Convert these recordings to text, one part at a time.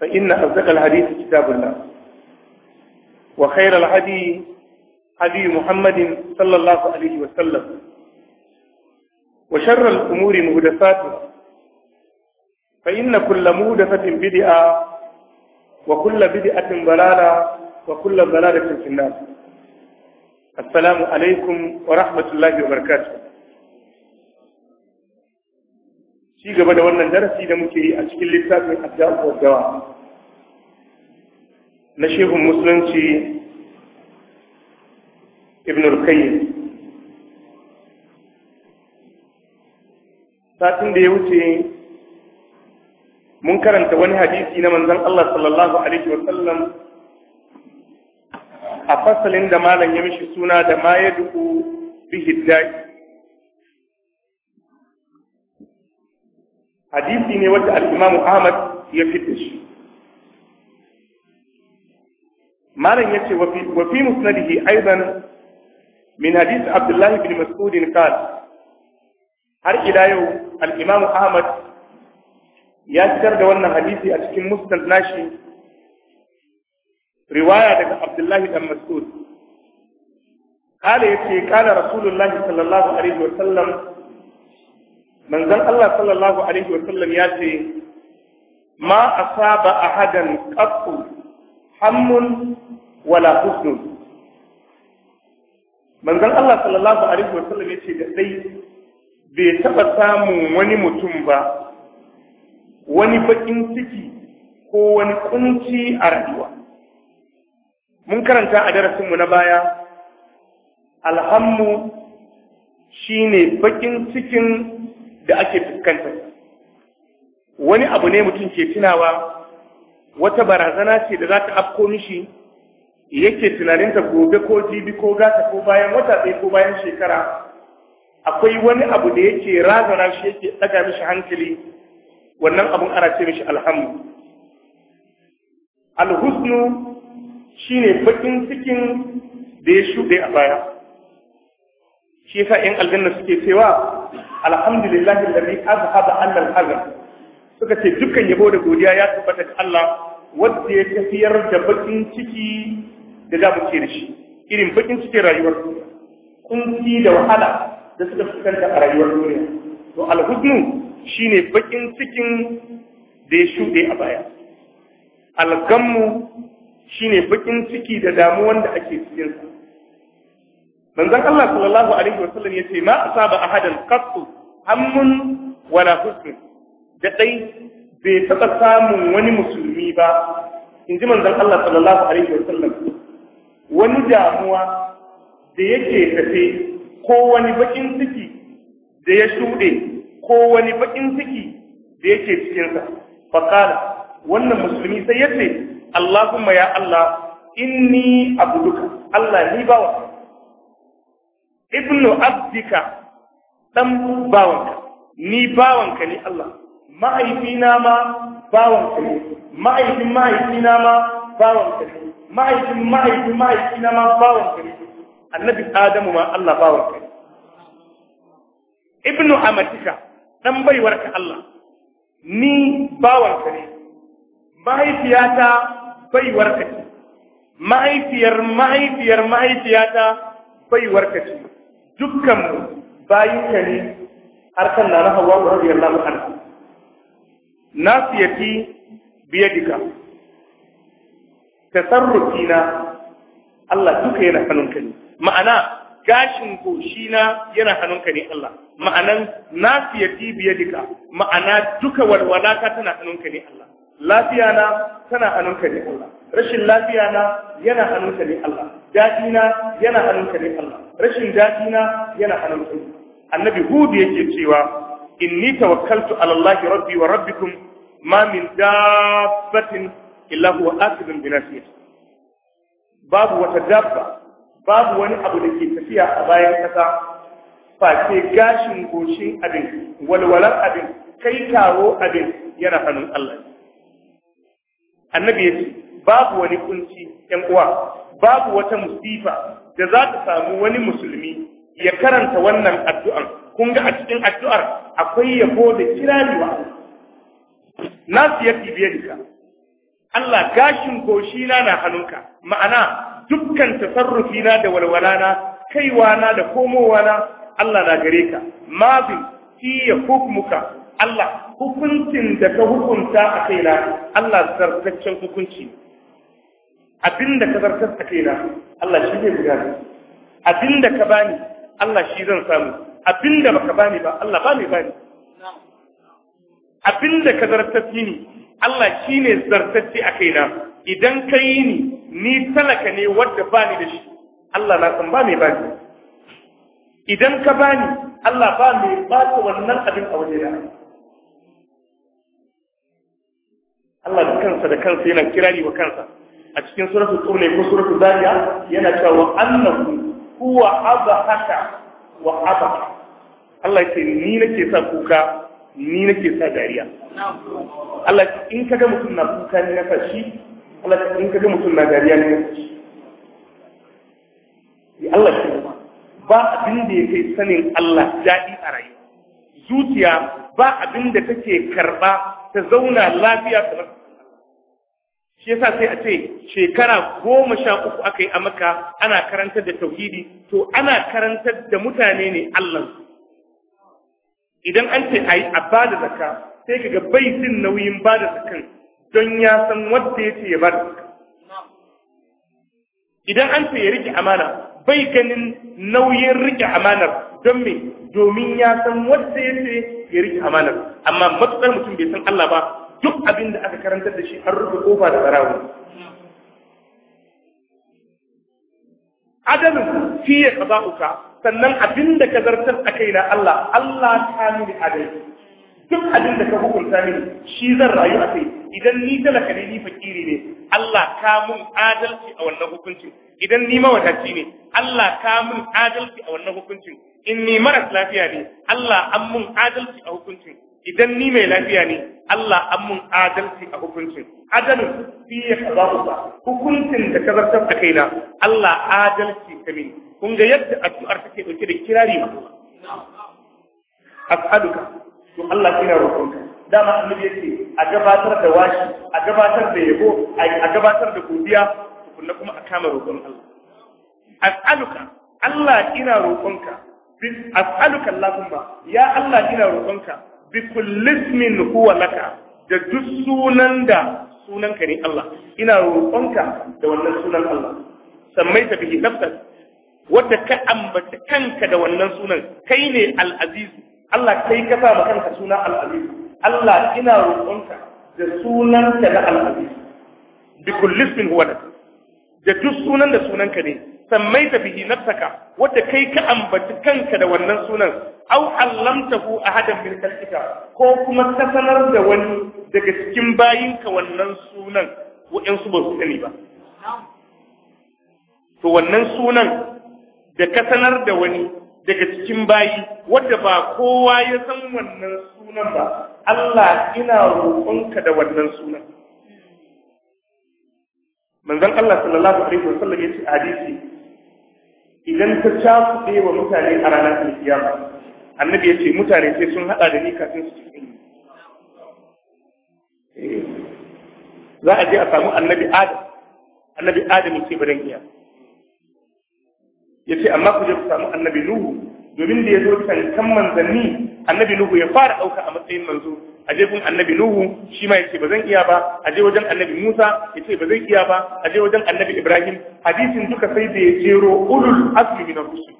فإن أصدق الحديث كتاب الله وخير الهدي هدي محمد صلى الله عليه وسلم وشر الأمور مهدفاتها فإن كل مهدفة بدعة وكل بدعة ضلالة وكل ضلالة في النار السلام عليكم ورحمة الله وبركاته ci gaba da wannan darasi da muke yi a cikin littafin addu'a dawa na shehun musulunci ibn al-qayyim satin da ya wuce mun karanta wani hadisi na manzon Allah sallallahu alaihi wa sallam a fasalin da malam ya mishi suna da ma yadu bihi da'i hadisi ne wanda al Ahmad ya fitta shi malam yace ce fi musnadihi aidan min hadith Abdullah ibn Mas'ud har ila yau al-Imam Ahmad ya fitar da wannan hadisi a cikin musnad nashi riwaya daga Abdullahi dan Mas'ud kale ya ce رسول الله Sallallahu Alaihi عليه Sallam. manzon Allah sallallahu alaihi wa sallam ya ce ma asaba ahadan qattu hammun wala husnun manzon Allah sallallahu alaihi wa sallam ya ce da dai bai taba samun wani mutum ba wani bakin ciki ko wani kunci a rayuwa mun karanta a darasinmu na baya alhammu shine bakin cikin da ake fuskanta wani abu ne mutum ke tunawa wata barazana ce da za ta afko mishi yake tunaninta gobe ko jibi ko gata ko bayan wata ɗaya ko bayan shekara akwai wani abu da yake razana shi yake ɗaga mishi hankali wannan abun ana ce mishi alhamdu alhusnu ne bakin cikin da ya shuɗe a baya shi yasa 'yan aljanna suke cewa alhamdulillah alladhi azhaba anna al-hazan suka ce dukkan yabo da godiya ya tabbata ga Allah wanda ya tafiyar da bakin ciki da da muke da shi irin bakin cikin rayuwar duniya kunci da wahala da suka fuskanta a rayuwar duniya to alhuznu shine bakin cikin da ya shuɗe a baya algammu shine bakin ciki da damuwan da ake cikinsa manzon Allah sallallahu alaihi sallam yace ma asaba ahadan qattu hammun wala husn da dai bai taɓa samun wani musulmi ba inji ji manzon Allah sallallahu alaihi sallam. wani damuwa da yake tafe ko wani bakin ciki da ya shuɗe ko wani bakin ciki da yake sa faqala wannan musulmi sai yace Allahumma ya Allah inni abduka Allah ni bawa ابن عبدك دم باونك ني باونك لي الله ما اي فينا ما باونك ما اي ما اي فينا ما باونك ما اي ما اي ما اي فينا ما باونك النبي ادم ما الله باونك ابن عمتك دم بي ورك الله ني باونك لي ما اي فياتا بي ورك مايتير مايتير مايتياتا بي وركتي dukkan bayin kare har kan na hawa wa radiyallahu anha nasiyati biyadika tasarrufina Allah duka yana hannunka ne ma'ana gashin na yana hannunka ne Allah ma'anan nasiyati biyadika ma'ana duka walwala ka tana hannunka ne Allah lafiya na tana hannunka ne Allah rashin lafiya na yana hannunka ne Allah daɗi na yana hannunka ne Allah rashin daɗi na yana hannunka ne annabi hud yake cewa inni tawakkaltu ala Allah rabbi wa rabbikum ma min dabbatin illa huwa akidun bi babu wata dabba babu wani abu da ke tafiya a bayan kasa face gashin goshin abin walwalar abin kai taro abin yana hannun Allah annabi ya ce babu wani kunci yan uwa babu wata musifa da za ta samu wani musulmi ya karanta wannan addu'an kun ga a cikin addu'ar akwai yabo da Na wa na biyar ka. Allah gashin goshina na hannunka ma'ana dukkan tasarrufina da walwalana kaiwa na da komowa na Allah na gare ka mabin fi ya hukmuka Allah hukuncin da ka hukunta a kaina Allah zartaccen hukunci Abinda ka zartar a kaina Allah shi zai buga ni abin ka bani Allah shi zan samu Abinda baka bani ba Allah ba mai bani Abinda ka zartar ni Allah shi ne zartacce a kaina idan ka yi ni ni talaka ne wadda bani da shi Allah na san ba mai bani idan ka bani Allah ba mai bata wannan abin a wajena Allah da kansa da kansa yana kirari wa kansa a cikin suratul qur'ani ko suratul zariya yana cewa annahu huwa abahaka wa abaka Allah ya ce ni nake sa kuka ni nake sa dariya Allah in kaga mutum na kuka ne na fashi Allah in kaga mutum na dariya ne ya Allah shi ba abin da ya kai sanin Allah daɗi a rayuwa zuciya ba abin da take karɓa ta zauna lafiya kamar shi yasa sai a ce shekara goma sha uku aka yi a maka ana karantar da tauhidi to ana karantar da mutane ne Allah idan an ce a yi a ba da zakka sai kaga bai jin nauyin ba da don ya san wanda ya ce ya ba idan an ce ya rike amana bai ganin nauyin rike amanar don me domin ya san wanda ya ce ya rike amanar amma matuƙar mutum bai san Allah ba duk abin da aka karantar da shi an rufe kofa da tsarawa adalin ya ka uka. sannan abin da ka zartar a kai na Allah Allah ta nuna adalci duk abin da ka hukunta mini shi zan rayu a kai idan ni talaka ne ni fakiri ne Allah ka mun adalci a wannan hukuncin idan ni mawadaci ne Allah ka mun adalci a wannan hukuncin in ni maras lafiya ne Allah an mun adalci a hukuncin idan ni mai lafiya ne Allah an mun adalci a hukuncin adalin fi ya kaza hukuncin da ka zartar da kaina Allah adalci ka mini kun ga yadda addu'ar take dauke da kirari ma as'aluka to Allah ina ka dama annabi yace a gabatar da washi a gabatar da yabo a gabatar da godiya tukunna kuma a kama roƙon Allah as'aluka Allah ina roƙonka as'aluka Allahumma ya Allah ina ka bi kullismin huwa laka da duk sunan da sunanka ne Allah ina roƙonka da wannan sunan Allah sammai ta bihi nafsas wanda ka ambata kanka da wannan sunan kai ne al-aziz Allah kai ka sa kanka sunan al-aziz Allah ina roƙonka da sunanka na al-aziz bi kullismin huwa laka da duk sunan da sunanka ne Sammai da bihi nafsaka wanda kai ka ambaci kanka da wannan sunan aw allamtahu ahadan min khalqika ko kuma ka sanar da wani daga cikin bayinka wannan sunan waɗansu ba su sani ba to wannan sunan da ka sanar da wani daga cikin bayi wanda ba kowa ya san wannan sunan ba Allah ina roƙonka da wannan sunan manzon Allah sallallahu alaihi wasallam a hadisi idan ta cakuɗe wa mutane a ranar alkiyama annabi ya ce mutane sai sun haɗa da ni kafin su cikin eh, za a je a samu annabi adam annabi adam ce ba iya ya ce amma ku je ku samu annabi nuhu domin da ya zo kan manzanni annabi nuhu ya fara ɗauka a matsayin manzo a jefin annabi nuhu shi ma yace ba zan iya ba a je wajen annabi musa yace ba zan iya ba a je wajen annabi ibrahim hadisin duka sai da ya jero ulul asli min rusul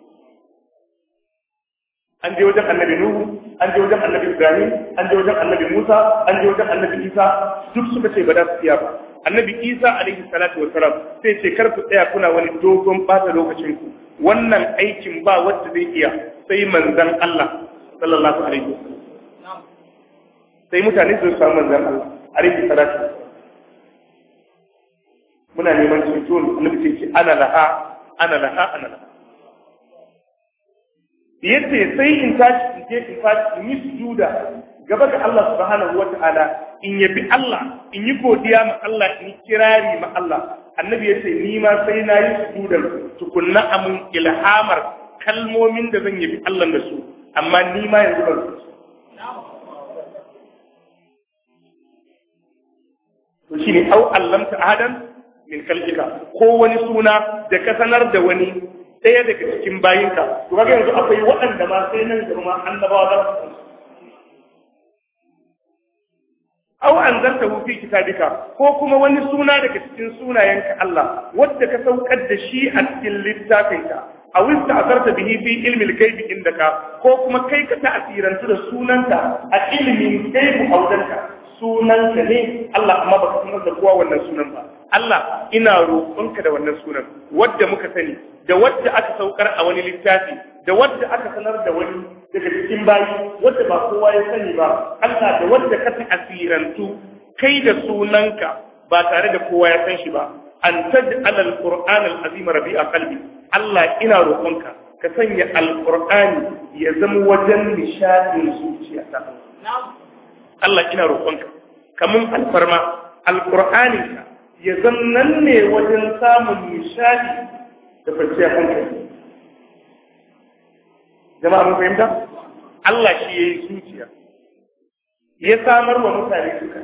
an je wajen annabi nuhu an je wajen annabi ibrahim an je wajen annabi musa an je wajen annabi isa duk suka ce ba za su iya ba annabi isa alaihi salatu wassalam sai ce kar ku tsaya kuna wani dogon bata lokacin ku wannan aikin ba wanda zai iya sai manzon Allah sallallahu alaihi wasallam sai mutane su samu manzon Allah alaihi salatu muna neman ceto annabi sai ce ana laha ana laha ana laha yace sai in tashi in je in fashi in yi sujuda gaba ga Allah subhanahu wata'ala in yabi Allah in yi godiya ma Allah in kirari ma Allah annabi yace ni ma sai na yi sujudan tukunna amun ilhamar kalmomin da zan yabi Allah da su amma ni ma yanzu ba so to shine au allamta ahadan min khalqika ko wani suna da ka sanar da wani ɗaya daga cikin bayinka to kaga yanzu akwai waɗanda ma sai nan gaba ma annabawa za su aw anzartahu fi kitabika ko kuma wani suna daga cikin sunayenka Allah wadda ka saukar da shi a cikin littafinka a wista asarta bihi fi ilmil gaibi indaka ko kuma kai ka asirantu da sunanka a ilmin gaibi a wajenka sunanka ne Allah amma baka sanar da kowa wannan sunan ba Allah ina rokonka da wannan sunan wadda muka sani da wadda aka saukar a wani littafi da wadda aka sanar da wani daga cikin bayi wadda ba kowa ya sani ba Allah da wadda ka ta'asirantu kai da sunanka ba tare da kowa ya san shi ba an taj'ala al-Qur'an al-azim rabi'a qalbi Allah ina roƙonka ka sanya al-Qur'ani ya zama wajen nishadin zuciya ta. Allah ina roƙonka kamun alfarma al-Qur'ani ya zama nan ne wajen samun nishadi da kwanciyar hankali jama'a mun fahimta Allah shi yayi zuciya ya samar wa mutane duka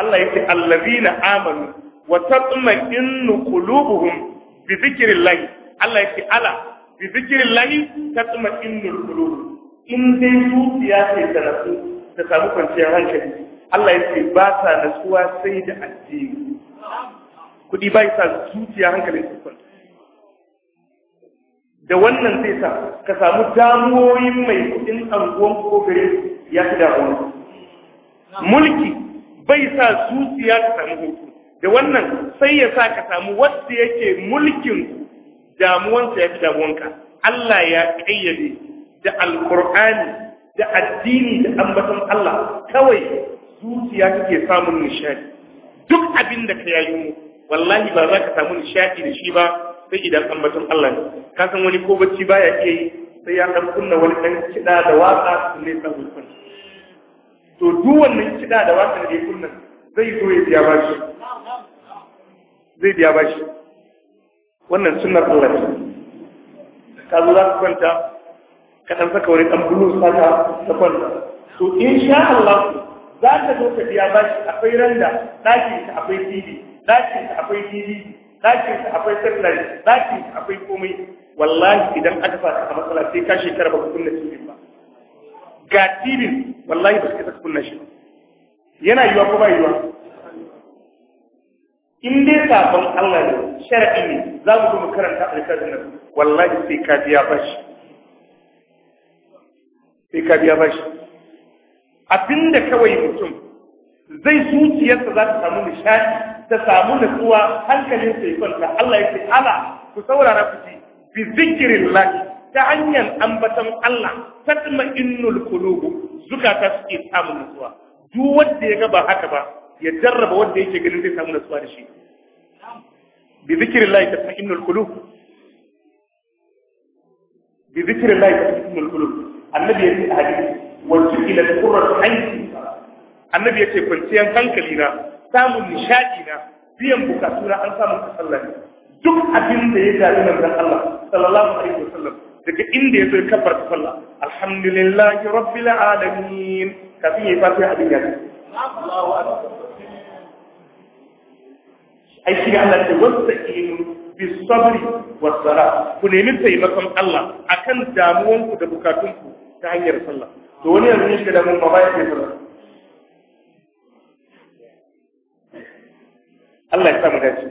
Allah yake allazina amanu wa innu qulubuhum bi zikrillah Allah yake ala bi tatma innu qulub in dai zuciya ce ta nasu ta samu kwanciyar hankali Allah yake ba ta nasuwa sai da addini kudi bai sa zuciya hankalin su kwanta da wannan zai sa ka samu damuwoyin mai kudin anguwan ko ya fi damuwa mulki bai sa zuciya ta samu hutu da wannan sai ya sa ka samu wanda yake mulkin damuwansa ya fi damuwanka Allah ya kayyade da alkur'ani da addini da ambaton Allah kawai zuciya kake samun nishadi duk abin da ka yayi wallahi ba za ka samu nishadi da shi ba sai idan ambaton Allah ne ka san wani ko bacci baya iya yi sai ya dan kunna wani dan kida da waka ne sabu kun to duk wannan kida da waka da ya kunna zai zo ya biya bashi zai biya bashi wannan sunar Allah ce ka zo za ka kwanta ka ɗan saka wani ɗan bulu saka ka kwanta to in sha Allah za ka zo ka biya bashi akwai randa ɗakin ka akwai TV ɗakin ka akwai TV ɗakin ka akwai satellite ɗakin ka akwai komai wallahi idan aka fasa a matsala sai ka shekara ba ku kunna TV ba ga TV wallahi ba ka kunna shi ba yana yiwa ko ba yiwa in dai sabon Allah ne shar'i ne za mu zo mu karanta alƙalin nan wallahi sai ka biya bashi sai ka biya bashi abinda kawai mutum zai zuciyarsa za ta samu nishadi ta samu nutsuwa hankalin sai kwanta Allah ya ce ala ku saurara ku ji bi zikrillah ta hanyar ambaton Allah innul qulub zukata suke samun nutsuwa duk wanda ya ga ba haka ba ya jarraba wanda yake ganin zai samu nasuwa da shi bi zikrillah tatma'innul qulub bi zikrillah tatma'innul Kulu. annabi ya ce a hadisi wato ila qurrat aini annabi ya ce kwanciyar hankali na samun nishadi na biyan bukatu na an samu ta sallah duk abin da ya gari manzon Allah sallallahu alaihi wasallam daga inda ya zo ya kafarta sallah alhamdulillahi rabbil alamin kafin ya yi fatiha abin ya ai shi ga Allah ce wasta'inu bis sabri was sala ku nemi taimakon Allah akan damuwanku da bukatunku ta hanyar sallah to wani yanzu ne shi da mun ba ya ce sallah Allah ya sa mu dace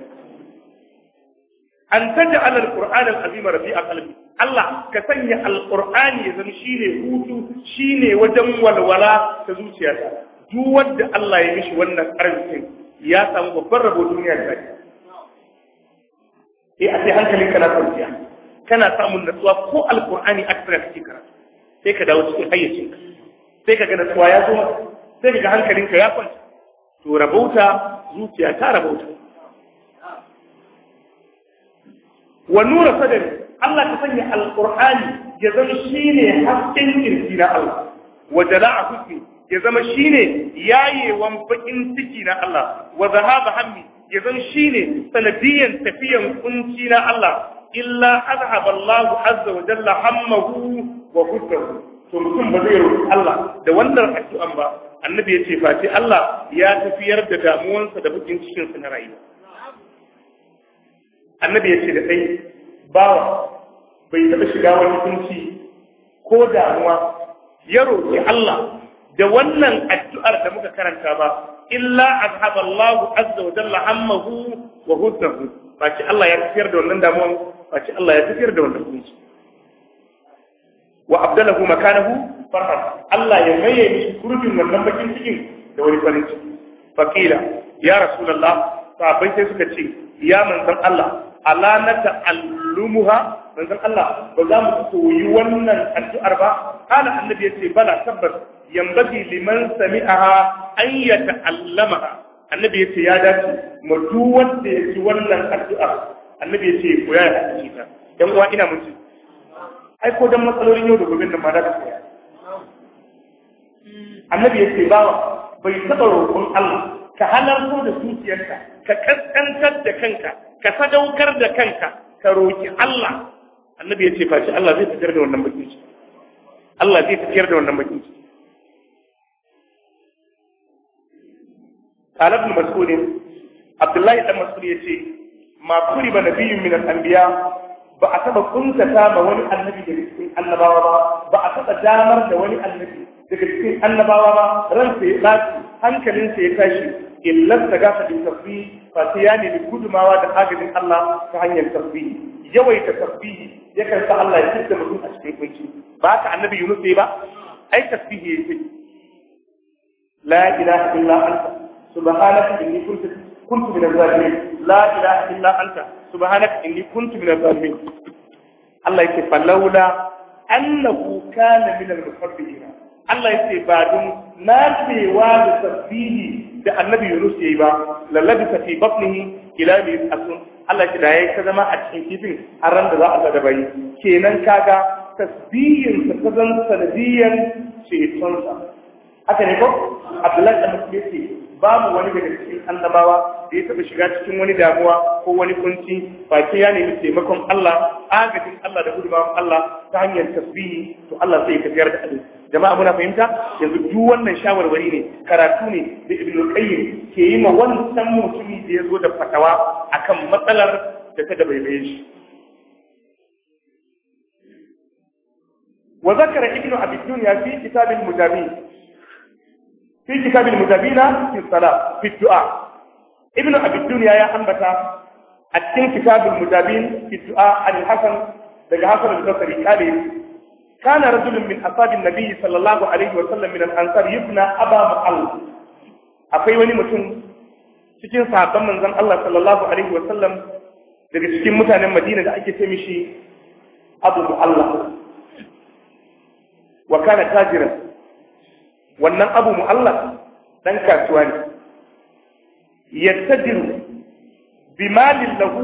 an taj'ala al-qur'ana al-azima rafi'a qalbi Allah ka sanya alƙur'ani ya zama shi ne hutu shi ne wajen walwala ta zuciyata duk wadda Allah ya mishi wannan arzikin ya samu babban rabo duniya da lafiya eh a sai hankalin kana kwanciya kana samun natsuwa ko alƙur'ani aka tsaya kake karatu sai ka dawo cikin hayyacinka sai ka ga natsuwa ya zo sai ka ga hankalinka ya kwanta to rabauta zuciya ta rabauta wa nura sadari Allah ta sanya alqur'ani ya zama ne hasken kirji na Allah wa jala'a husni ya zama shine yayewan bakin ciki na Allah wa zahaba hammi ya zama ne sanadiyan tafiyan kunci na Allah illa azhaba Allah azza wa jalla hammahu wa hutahu to mutum ba zai roƙi Allah da wannan addu'an ba annabi ya ce face Allah ya tafiyar da damuwansa da bakin cikin sa na rayuwa annabi ya ce da kai bawa bai taɓa shiga wani kunci ko damuwa ya roƙi Allah da wannan addu'ar da muka karanta ba illa azhaba Allah azza wa jalla hammahu wa huddahu ba ce Allah ya tafiyar da wannan damuwa ba ce Allah ya tafiyar da wannan kunci wa abdalahu makanahu farhan Allah ya maye shi gurbin wannan bakin cikin da wani farin ciki faqila ya rasulullah sahabbai sai suka ce ya manzon Allah alanata allumuha manzon Allah ba za mu koyi wannan addu'ar ba kana annabi yace bala tabbas yambagi liman sami'aha an yata'allamaha annabi yace ya dace mu duk wanda ya ji wannan addu'ar annabi yace koya ya haƙi ta dan uwa ina mutu. ji ai ko dan matsalolin yau da gobe nan ma da koya annabi yace bawa bai taɓa roƙon Allah ka halarta da zuciyarka ka kaskantar da kanka ka sadaukar da kanka ka roki Allah annabi ya ce fa shi Allah zai fitar da wannan bakin ciki Allah zai fitar da wannan bakin ciki Kala Mas'ud Abdullahi dan Mas'ud ya ce ma ba nabiyyun min al-anbiya ba a taba kuntata ma wani annabi daga cikin annabawa ba ba a taba damar da wani annabi daga cikin annabawa ba ransa ya tsaci hankalinsa ya tashi illar ta gasa din tafi ba ta ya nemi gudumawa da agajin Allah ta hanyar tasbihi yawaita ya kan sa Allah ya fitta mutum a cikin kunci ba ka annabi Yunus sai ba ai tafi tasbihi yake la ilaha illa anta subhanaka inni kuntu kuntu min zalimin la ilaha illa anta subhanaka inni kuntu min zalimin Allah yake falaula annahu kana min al-mukabbirin Allah yake ba dun na cewa da tasbihi da annabi Yunus yayi ba lalabisa fi batnihi ila bi asun Allah ki da yayi ta zama a cikin kifin har ran da za a da bai kenan kaga tasbihin ta zan sanadiyan ceton sa haka ne ko Abdullahi da ba mu wani daga cikin annabawa da ya taɓa shiga cikin wani damuwa ko wani kunci ki ya nemi taimakon Allah agajin Allah da gudumawan Allah ta hanyar tasbihi to Allah sai ya tafiyar da abin jama'a muna fahimta yanzu duk wannan shawarwari ne karatu ne da ibnu qayyim ke yi ma wannan mutumi da ya zo da fatawa akan matsalar da ta da baibaye shi wa zakara ibnu abi dunya fi kitab al-mujabi fi kitab al-mujabina fi salat fi du'a ibnu abi dunya ya ambata a cikin kitab al-mujabin fi du'a al-hasan daga hasan al-basri kale كان رجل من أصحاب النبي صلى الله عليه وسلم من الأنصار يبنى أبا مقل أفي وني متون cikin sahabban manzon Allah sallallahu alaihi wa sallam daga cikin mutanen Madina da ake ce mishi Abu Mu'alla wa kana tajiran wannan Abu Mu'alla dan kasuwa ne yattadiru bimalin lahu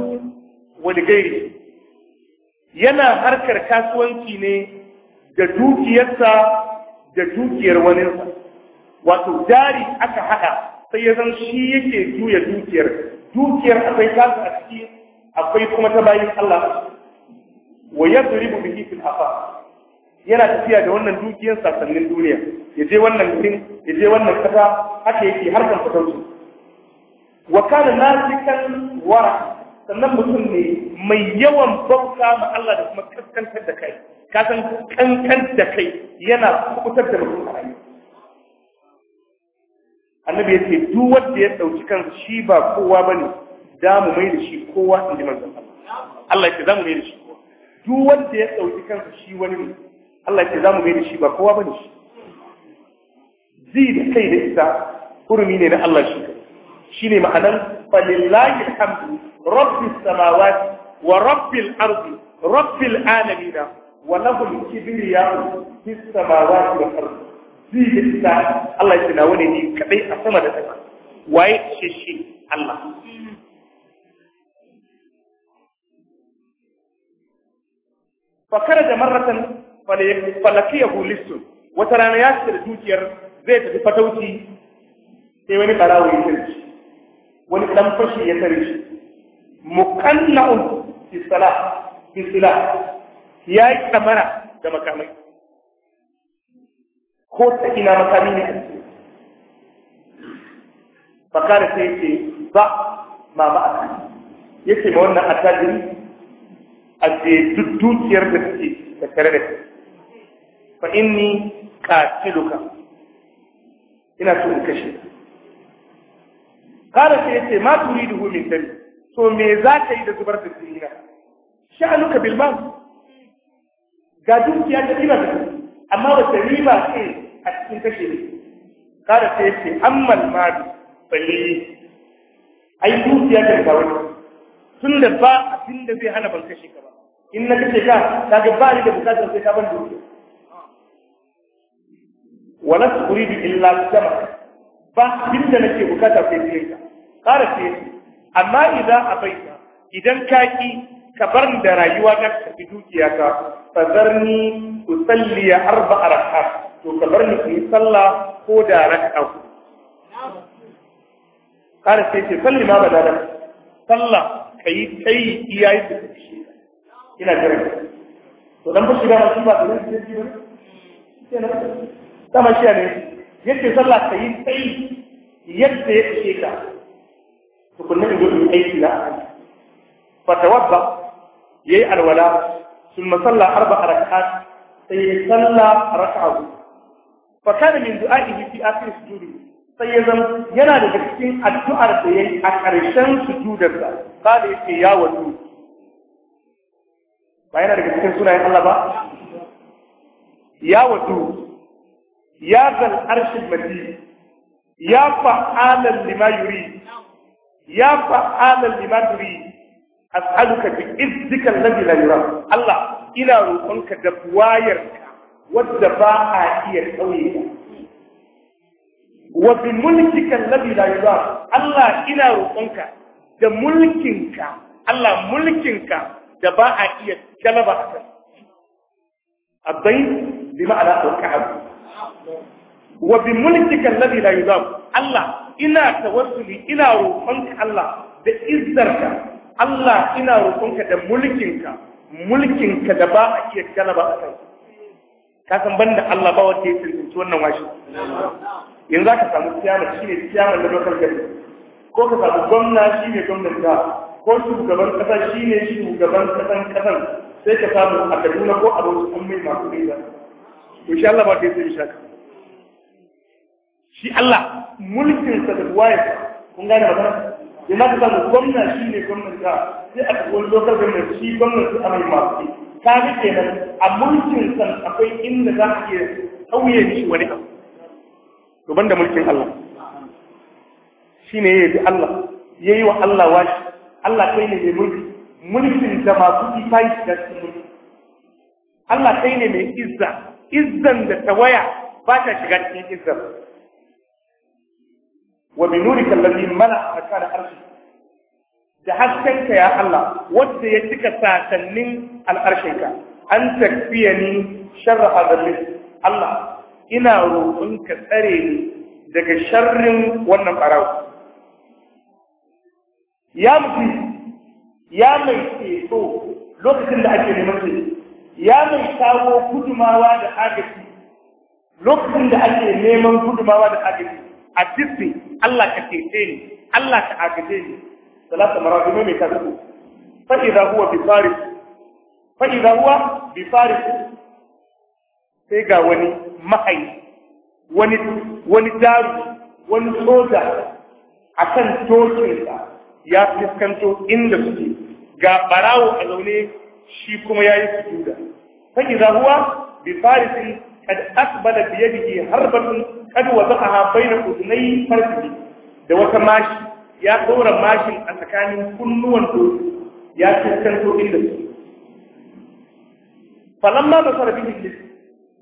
wa lighairi yana harkar kasuwanci ne da dukiyarsa da dukiyar waninsa wato jari aka haɗa sai ya zan shi yake juya dukiyar dukiyar akwai tasa a ciki akwai kuma ta bayan Allah wa yadribu bihi fil afaq yana tafiya da wannan dukiyar sasannin duniya ya je wannan mutum ya je wannan kasa haka yake harkar fatauci wa kana nasikan wara sannan mutum ne mai yawan bauta ma Allah da kuma kaskantar da kai Kasan kankan da kai yana kubutar da mutum a rayuwa annabi yace duk wanda ya dauki kansa shi ba kowa bane da mu mai da shi kowa in ji manzon Allah ya ce za mu mai da shi duk wanda ya dauki kansa shi wani ne Allah ya ce za mu mai da shi ba kowa bane shi zai da kai da isa hurumi ne na Allah shi shine ma'anan falillahi alhamdu rabbis samawati wa rabbil ardi rabbil alamin wannan kibiri ya fi sama za su da farko zai da ita Allah ya wani ne kadai a sama da sama waye shishi Allah Fa fakara da maratan falakiya hulistu wata rana ya ce da dukiyar zai tafi fatauci sai wani ɓarawo ya tare shi wani ɗan fashi ya tare shi mukanna'un fi sala fi sala ya yi tsamara da makamai ko ta ina makami ne a ce bakara sai ce ba ma ba a ya ce ma wannan attajiri a ce duk dukiyar da take tare da ta fa inni qatiluka ina so in kashe kara sai ya ce ma turidu min dami to me za ka yi da zubar da jini na sha'anuka bilman ga dukiya ta riba ta amma ba ta riba ce a cikin kashe ne kada ta yace ammal mali balle ai dukiya da ka wani tun da ba abin da zai hana ban kashe ka ba in na kashe ka ta ga ba ni da bukatar sai ka ban dukiya wala turidu illa zama. ba abin da nake bukata sai ka kada ta yace amma idan abaita idan kaki ka bar da rayuwa ta tafi dukiya ka ni ku salli ya arba rak'a to ka bar ni yi sallah ko da rak'a kare sai ce salli ma da badala sallah kai kai yi da shi ina jira to dan ba shi da su ba da shi ba dama shi ne yadda sallah ka yi tsayi yadda ya ishe ka tukunna in gudu aiki na wabba. yayi alwala ثم صلى اربع ركعات sai salla raka'a fa kana min du'a'ihi fi akhir sujudi sai yazan yana da cikin addu'ar da yayi a ƙarshen sujudar sa kada yake ya wadu ba yana daga cikin sunayen Allah ba ya wadu ya zal arshil madi ya fa'alan lima yuri ya fa'alan lima yuri as'aluka bi izzika alladhi la yura Allah ina roƙonka da buwayarka wadda ba a iya tsauye ta wa bi mulkika alladhi la yura Allah ina roƙonka da mulkinka Allah mulkinka da ba a iya galaba a kai الضيف بمعنى الكعب وبملكك الذي لا يذاب Ina إنا توسلي إلى روحك الله بإذنك Allah ina roƙonka da mulkinka mulkinka da ba a iya galaba a kansu ka san banda Allah ba wanda ya tsinci wannan washi yanzu ka samu shi ne kiyama da local government ko ka samu gwamna ne gwamnan ta ko shugaban kasa ne shugaban kasan kasan sai ka samu a Kaduna ko a Bauchi an mai masu nisa to shi Allah ba ta yi shaka shi Allah mulkin da waye kun gane magana Yana ka samu gwamna shi ne gwamnan sai a kasuwar lokar gwamnan shi gwamnan su amai masu ta bi kenan a mulkin san akwai inda za ka iya sauye ni wani abu to banda mulkin Allah shi ne ya bi Allah ya yi wa Allah washi Allah kai ne mai mulki mulkin da masu ifayi da su mulki Allah kai ne mai izza izzan da tawaya ba ta shiga cikin izzan wa bi nurika allazi mana makana arshi da haskenka ya Allah wanda ya cika sasannin al'arshinka an takfiyani sharra azallis Allah ina roƙon ka tsare ni daga sharrin wannan barawo ya mutu ya mai ceto lokacin da ake neman ceto ya mai kawo gudumawa da agaji lokacin da ake neman gudumawa da agaji addu'a Allah ka tece ni Allah ka agaje ni salatu maradun mai ka zuku fa idza huwa bi farid fa idza huwa bi farid sai ga wani mahai wani wani daru wani soja akan tokinsa ya fuskanto inda suke ga barawo a zaune shi kuma yayi sujuda fa idza huwa bi farid kad asbala bi yadihi harbatun kad wazaqaha bayna udunai farfi da wata mashi ya dora mashin a tsakanin kunnuwan doki ya cancanto inda su falamma ba sarfi ne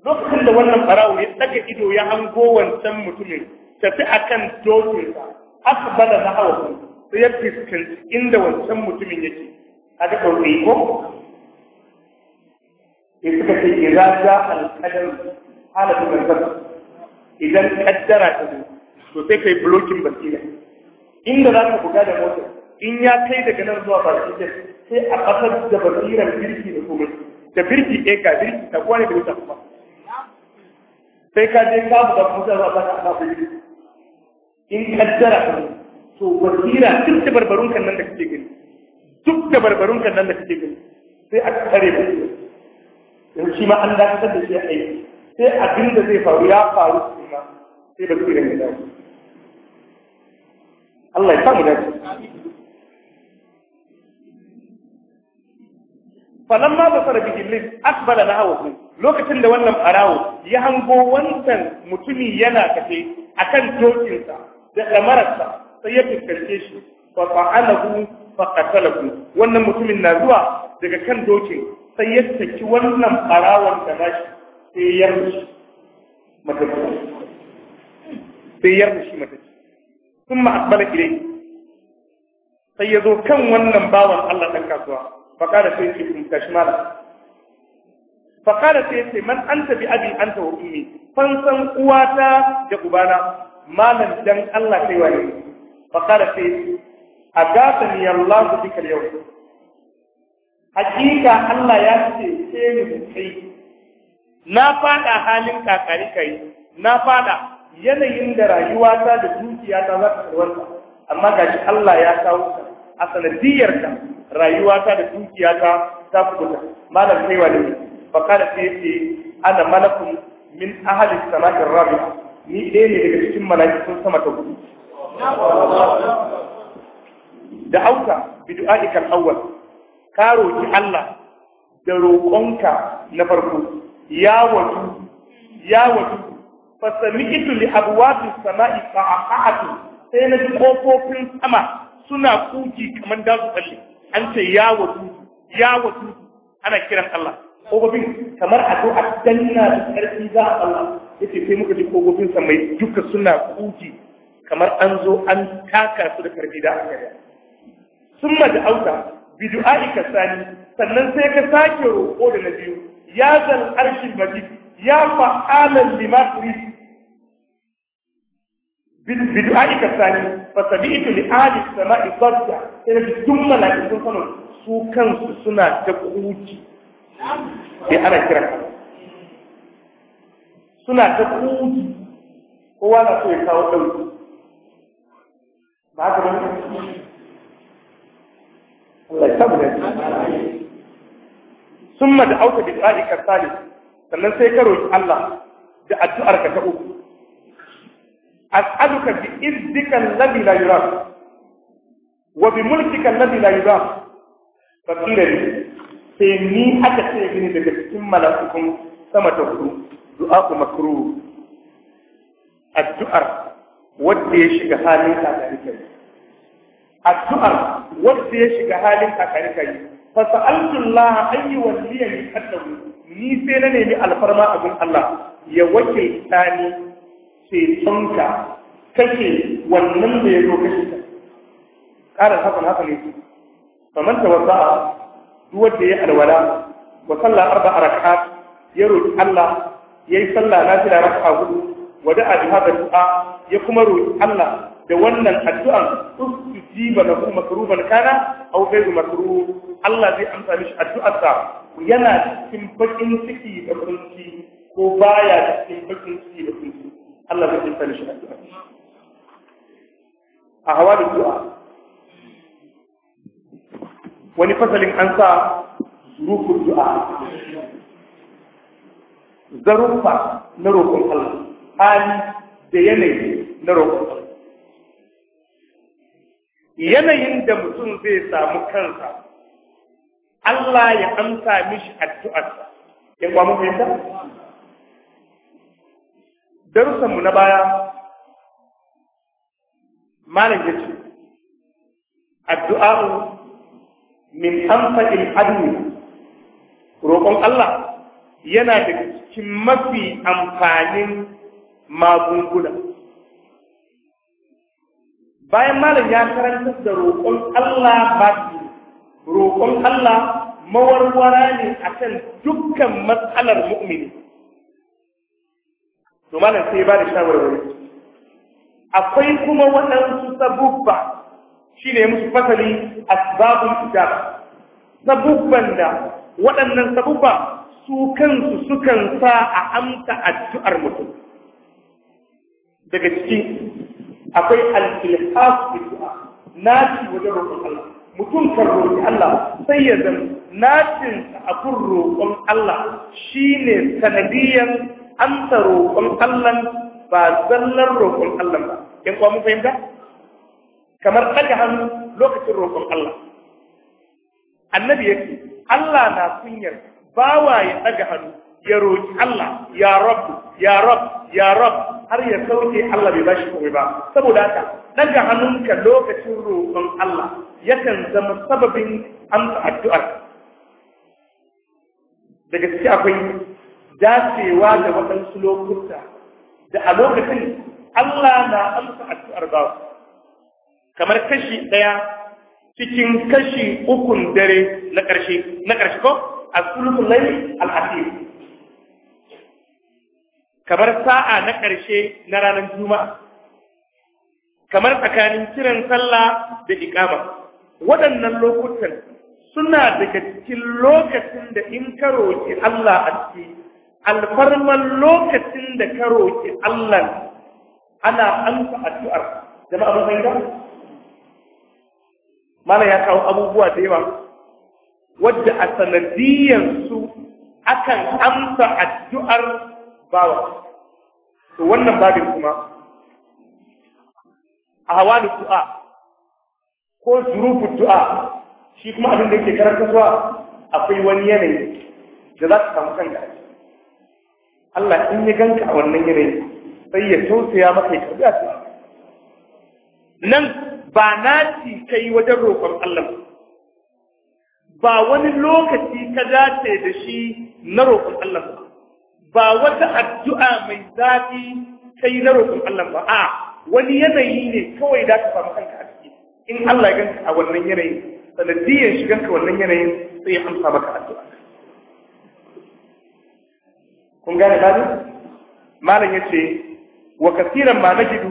lokacin da wannan barawo ya daga ido ya hango wancan mutumin tafi akan dokinsa akbala na hawa sai ya fuskanci inda wancan mutumin yake kaga tausayi ko sai suka ce idza ja al qadar halatu al idan kaddara ta zo to sai kai blocking basira inda za ka buga da motar in ya kai daga nan zuwa bakin sai a kasar da basirar birki da kuma da birki ɗaya ka birki ta kuwa ne da wuta kuma sai ka je ka buga kusa zuwa ba ka ba in kaddara ta zo to basira duk da barbarun kan nan da kake gani duk da barbarun kan nan da kake gani sai aka tare ba. yanzu shi ma an dakatar da shi aiki sai abin da zai faru ya faru kuma sai da kuɗi da dawo Allah ya samu dace falamma lokacin da wannan arawo ya hango wancan mutumi yana kafe akan sa, da mararsa sai ya fuskarce shi fa fa'alahu fa qatalahu wannan mutumin na zuwa daga kan dokin sai ya saki wannan barawon da nashi sai ya rushe matacci sai yar da shi matacci sun ma'asbala ilai sai ya zo kan wannan bawan Allah ɗan kasuwa faƙada sai ce in tashi mala faƙada sai ce man an tafi abi an ta ummi fansan uwata da ubana malam dan Allah kai waye faƙada sai a gasa ni Allah ku dikal yau hakika Allah ya ce ce ni kai na fada halin kakari kai na fada yanayin da rayuwata da dukiyata za ta tsarwanta amma gashi Allah ya kawo ka a sanadiyar ka rayuwata da dukiyata ta kubuta malam sai wani ne sai yace ana malakun min ahli samai rabi ni dai ne daga cikin mala'ikun sama ta gudu da auka bi du'aika awwal ka roki Allah da roƙonka na farko ya wadu ya wadu fa sami'tu li abwabi samai fa'aqatu sai na ji kofofin sama suna kuki kamar da su balle an ce ya wadu ya wadu ana kiran Allah kofofin kamar a zo a danna da karfi za a Allah yace sai muka ji kofofin sama duka suna kuki kamar an zo an taka su da karfi da aka summa da auta bidu'aika sani sannan sai ka sake roƙo da na biyu يا ذا العرش المجيد يا فعالا لما تريد بدعائك الثاني Sama, لآل السماء ضجة إلى ثم لا يكون su kansu suna ta kuki sai ana kira suna ta kuki kowa na so ya kawo ɗauki ba ba Allah ya summa da auka bi du'a'ika salih sannan sai ka roki Allah da addu'arka ta uku as'aluka bi izzika alladhi la yuraq wa bi mulkika alladhi la yuraq fa qila sai ni aka ce gini daga cikin mala'ikun sama ta hudu du'a makruh addu'ar wanda ya shiga halin kakarikai addu'ar wanda ya shiga halin kakarikai fa sa'altu Allah an yuwalliya ni ni sai na nemi alfarma a gun Allah ya wakilta ni sai tonka kake wannan da ya zo kashe ka ƙara hakan haka ne faman tawassa'a duk wanda ya alwala wa sallah arba'a rak'at ya roki Allah yayi sallah lafiya raka'a hudu wa da'a bi hadha du'a ya kuma roki Allah da wannan addu'an ustujiba kuma makruban kana aw ghayru makrub Allah zai amsa mishi addu'arsa yana cikin bakin ciki da kunci ko baya cikin bakin ciki da kunci Allah zai amsa mishi addu'a a hawa da du'a wani fasalin an sa zurufin du'a zarufa na roƙon Allah hali da yanayi na roƙon Allah yanayin da mutum zai samu kansa Allah ya amsa mishi addu'arsa in kwa mun darussan mu na baya malam yace addu'a min anfa'il adu roƙon Allah yana daga cikin mafi amfanin magunguna bayan malam ya karantar da roƙon Allah ba roƙon Allah mawarwara ne akan dukkan matsalar mu'mini to malam sai ba da shawarwari akwai kuma waɗansu sabubba shine musu fasali asbabul ijaba sabubban da waɗannan sabubba su kansu sukan sa a amsa addu'ar mutum daga cikin. akwai al-ilhas fi du'a naci wajen roƙon Allah mutum kan roƙi Allah sai ya zama nacin a kun roƙon Allah shine sanadiyan amsa roƙon Allah ba zallar roƙon Allah ba kin ko mun fahimta kamar ɗaga hannu lokacin roƙon Allah annabi yake Allah na kunyar bawa ya ɗaga hannu ya roƙi Allah ya rabu ya rabu ya rabu har ya sauke Allah bai bashi komai ba saboda haka daga hannunka lokacin roƙon Allah yakan zama sababin amsa addu'ar daga ciki akwai dacewa da waɗansu lokuta da a lokacin Allah na amsa addu'ar ba kamar kashi ɗaya cikin kashi ukun dare na ƙarshe na ƙarshe ko a sulhul al kamar sa'a na ƙarshe na ranar juma'a kamar tsakanin kiran sallah da ikama waɗannan lokutan suna daga cikin lokacin da in ka roƙi Allah a ciki alfarman lokacin da ka roƙi Allah ana amsa addu'ar jama'a mun da. mala ya kawo abubuwa da yawa wadda a sanadiyyar su akan amsa addu'ar bawa to wannan babin kuma a hawa du'a ko zurufu du'a shi kuma abin da yake karanta zuwa akwai wani yanayi da za ka samu kanka Allah in ya ganka a wannan yanayi sai ya tausaya maka ya karbi a nan ba na ci kai wajen roƙon Allah ba wani lokaci ka dace da shi na roƙon Allah ba ba wata addu'a mai zafi kai na roƙon Allah ba a wani yanayi ne kawai da ka samu kanka a ciki in Allah ya ganka a wannan yanayin sanadiyyar shiganka wannan yanayin sai ya amsa maka addu'a kun gane malam malam yace wa kasiran ma najidu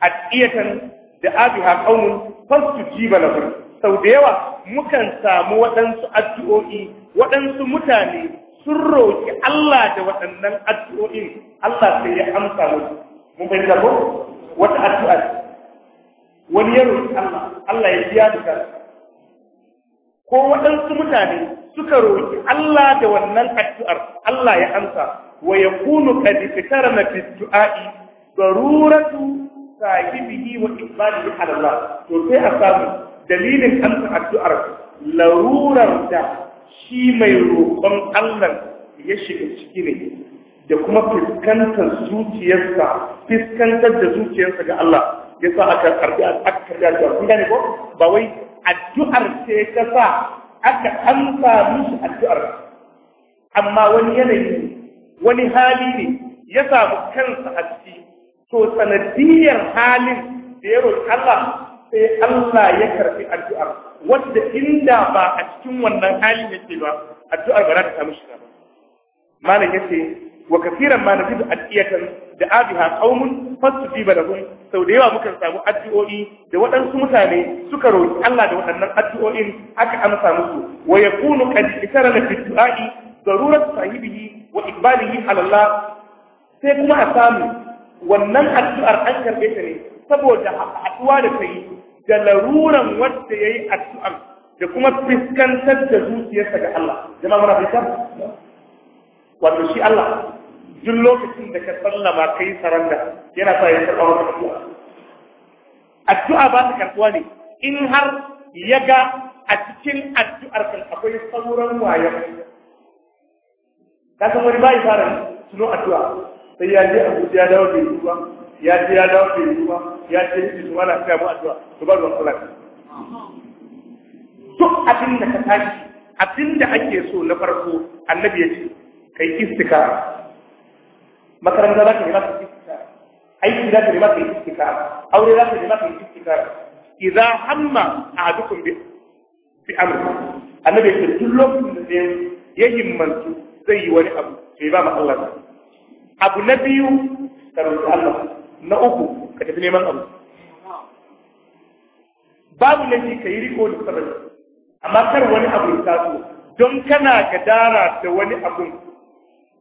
adiyatan da abiha qaumun fastujiba lahum sau da yawa mukan samu waɗansu addu'o'i waɗansu mutane sun roƙi Allah da waɗannan addu'o'in Allah sai ya amsa musu mun fahimta ko wata addu'a wani ya roƙi Allah Allah ya biya da duka ko waɗansu mutane suka roƙi Allah da wannan addu'ar Allah ya amsa wa ya kunu yakunu qad fitarna fi du'a'i daruratu sahibihi wa ibadihi ala Allah to sai a samu dalilin amsa addu'ar larurar da shi mai roƙon Allah ya shiga ciki ne da kuma fiskantar zuciyarsa fiskantar da zuciyarsa ga Allah ya sa aka karbi aka karbi addu'a kun ko ba wai addu'ar ce ta sa aka amsa musu addu'ar amma wani yanayi wani hali ne ya samu kansa a ciki to sanadiyar halin da ya roƙi Allah sai Allah ya karbi addu'ar wadda inda ba a cikin wannan hali yake ba addu'ar ba za ta samu shiga ba malam yace wa kafiran ma nafidu adiyatan da abiha qaumun fastujiba lahum sau da yawa mukan samu addu'o'i da waɗansu mutane suka roki Allah da waɗannan addu'o'in aka amsa musu wa yakunu qad isara fi du'a'i darurat sahibihi wa iqbalihi ala Allah sai kuma a samu wannan addu'ar an karbe ta ne saboda haɗuwa da ta yi da laruran wanda ya yi addu'an da kuma fiskantar da zuciyarsa ga Allah jama'a mara fitar wato shi Allah duk lokacin da ka sallama ka yi saranda yana sa ya tsawon wata addu'a addu'a ba ta karɓuwa ne in har ya ga a cikin addu'ar kan akwai sauran waya. ka san wani bai fara tuno addu'a sai ya je Abuja ya dawo bai ruwa ya je ya dawo bai ruwa ya ce ni su mana kai mu addu'a to ba ruwan kula duk abin da ka tashi abin da ake so na farko annabi ya ce kai istikara makaranta za ka nema kai istikara aiki za ka nema kai istikara aure za ka nema kai istikara idza hamma ahadukum bi bi amri annabi ya ce duk lokacin da ya himmantu zai yi wani abu sai ba ma Allah abu na biyu ka Allah na uku ka tafi neman abu babu laifi ka yi riko da sarari amma kar wani abu ya taso don kana gadara da wani abu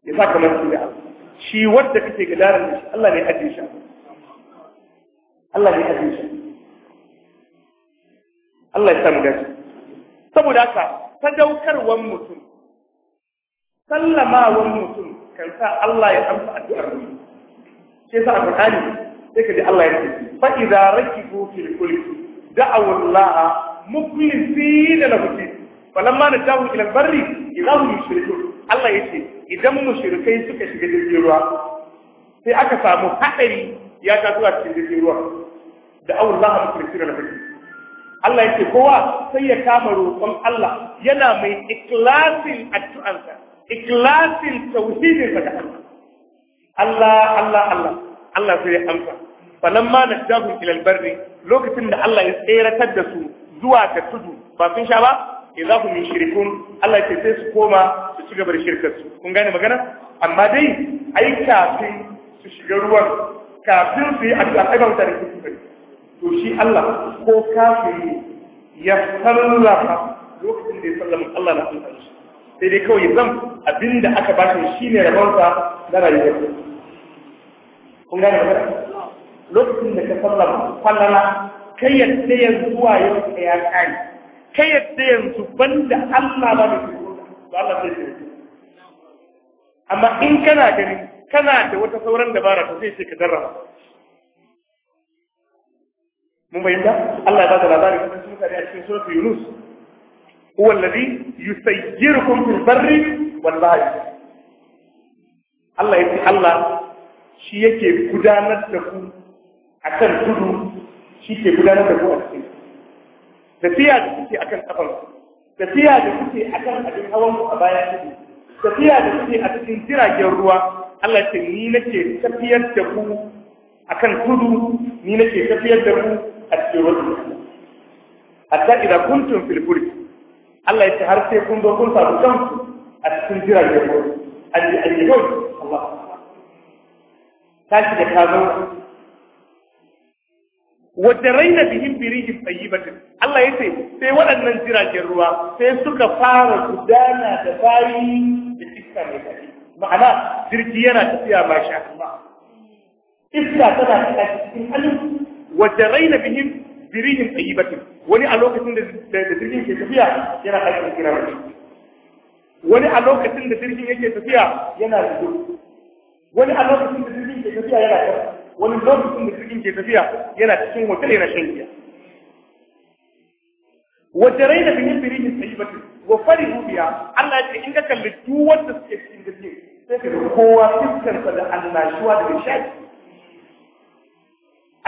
ya sa kamar su da abu shi wadda kake gadara da shi Allah ne ajiye shi Allah ne ajiye shi Allah ya samu gaji saboda haka sadaukarwan mutum sallamawan mutum kan sa Allah ya amsa addu'ar mutum sai sa a Qur'ani sai ka ji Allah ya ce fa idza rakibu fil kulli da'aw Allah mukhlisina lahu din falamma natahu ila al-barri idza hum yushrikun Allah ya ce idan mushrikai suka shiga jirgin ruwa sai aka samu hadari ya ta zuwa cikin jirgin ruwa da'aw Allah mukhlisina lahu din Allah ya ce kowa sai ya kama roƙon Allah yana mai ikhlasin addu'ansa ikhlasin tauhidin daga Allah Allah Allah Allah Allah sai ya amsa ma najahum ila albarri lokacin da Allah ya tseratar da su zuwa ga tudu ba sun sha ba idza hum yushrikun Allah ya sai su koma su ci gaba da shirkar su kun gane magana amma dai ai kafin su shiga ruwan kafin su yi addu'a ai ba mutane su to shi Allah ko kafin ya sallama lokacin da ya sallama Allah na amsa sai dai kawai zan abinda aka bashi shine rabonsa na rayuwar kun gane ba lokacin da ka sallama fallala kai yadda yanzu zuwa yau ya kare kai yadda yanzu banda Allah ba da ba Allah sai ya amma in kana gani kana da wata sauran dabara to sai ka darraba mun bayyana Allah ya bada labari kuma sun kare a cikin suratul yunus huwa alladhi yusayyirukum fil barri wal bahri Allah yace Allah shi yake gudanar da ku a kan tudu shi ke gudanar da ku a cikin tafiya da kuke a kan kafar tafiya da kuke a kan abin hawan ku a baya tudu tafiya da kuke a cikin jiragen ruwa Allah ce ni nake tafiyar da ku a kan tudu ni nake tafiyar da ku a cikin wasu. hatta idan kun tun filfuri Allah ya ce har sai kun zo kun samu kanku a cikin jiragen ruwa a cikin tashi da ka zo wadda raina bihin birihim tayyibatin Allah ya ce sai waɗannan jiragen ruwa sai suka fara gudana da bayi da iska mai daɗi ma'ana jirgi yana tafiya ma sha iska tana tafiya cikin halin wadda raina bihin birihim tayyibatin wani a lokacin da jirgin ke tafiya yana wani a lokacin da jirgin tafiya yana wani a lokacin da jirgin ke tafiya yana kan wani lokacin da jirgin ke tafiya yana cikin hotel yana shan giya wace rai da bin birin sai bata wa farihu biya Allah ya ce in ka kalli duk wanda suke cikin jirgin sai ka kowa fuskarsa da annashuwa da nishadi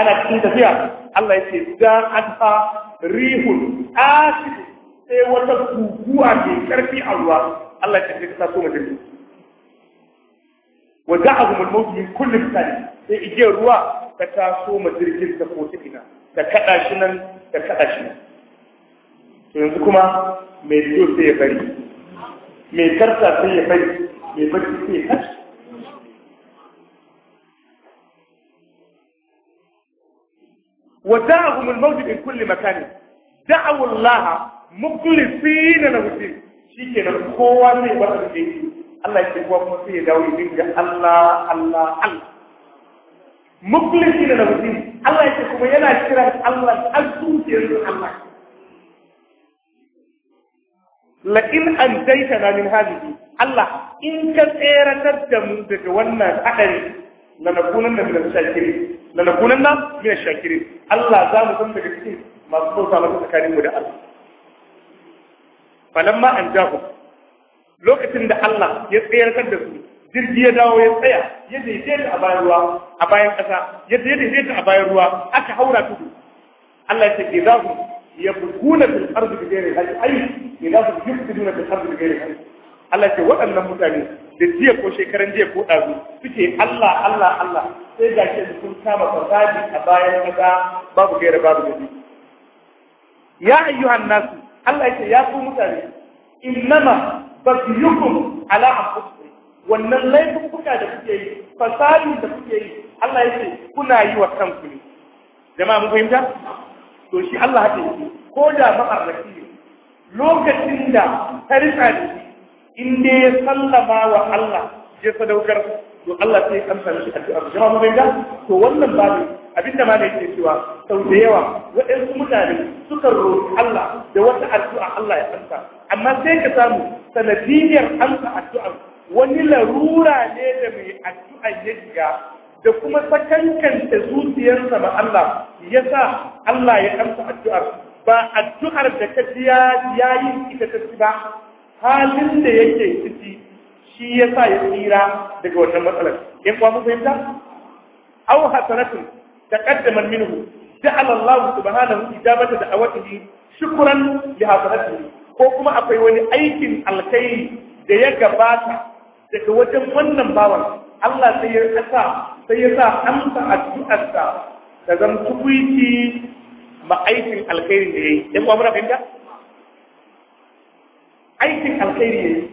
ana cikin tafiya Allah ya ce za adha rihun asif sai wata guguwa ke karfi a ruwa Allah ya ce ka taso mutum wa da'ahum al-maut min kulli mutane sai igiyar ruwa ta taso ma jirgin ta ko ina ta kada shi nan ta kada shi to yanzu kuma mai so sai ya bari mai karsa sai ya bari mai bari sai ya tashi wa da'ahum al-maut min kulli makan da'awu Allah na lahu shi kenan kowa sai ba su Allah yake kuwa kuma sai ya dawo ya dinga Allah Allah Allah mukulisi da nabi Allah yake kuma yana kiran Allah azzujiyar Allah la in anjaytana min hadhihi Allah in ka tseratar da mu daga wannan hadari la na min ash-shakirin la nakunanna min ash-shakirin Allah za mu san daga cikin masu bauta maka tsakanin mu da Allah falamma anjahum lokacin da Allah ya tsayar da su jirgi ya dawo ya tsaya ya daidaita a bayan ruwa a bayan ƙasa ya daidaita a bayan ruwa aka haura tudu Allah ya ce ke za su buguna fil ardi bi ghairi hal ay za su yufsiduna fil ardi bi ghairi hal Allah ce waɗannan mutane da jiya ko shekaran jiya ko ɗazu suke Allah Allah Allah sai ga shi sun kama fasadi a bayan kasa babu gaira babu gadi ya ayyuhan nasu Allah ya ce ya ku mutane innama baghiyukum ala anfusikum wannan laifin kuka da kuke yi fasali da kuke yi Allah yake kuna yi wa kanku ne jama'a mun fahimta to shi Allah hake yi ko da ma'arraki ne lokacin da ta rika da in dai ya sallama wa Allah ya sadaukar to Allah sai ya amsa mishi addu'a jama'a mun fahimta to wannan babu abinda ma da yake cewa sau da yawa waɗansu mutane suka roƙi Allah da wata addu'a Allah ya amsa amma sai ka samu sanadiyar amsa addu'ar wani larura ne da mai addu'ar ya shiga da kuma sakankanta zuciyarsa ba Allah ya sa Allah ya amsa addu'ar ba addu'ar da ka ji ya yi ita ta ba halin da yake ciki shi ya sa ya tsira daga wannan matsalar in kuwa mun fahimta aw hasanatun taqaddama minhu ja'ala Allah subhanahu ijabata da'awatihi shukuran li hasanatihi ko kuma akwai wani aikin alkai da ya gabata daga wajen wannan bawan Allah sai ya kasa sai ya sa amsa addu'arsa da zan tukuici ma aikin alkhairi da yayi dan uwa muna fahimta aikin alkhairi yayi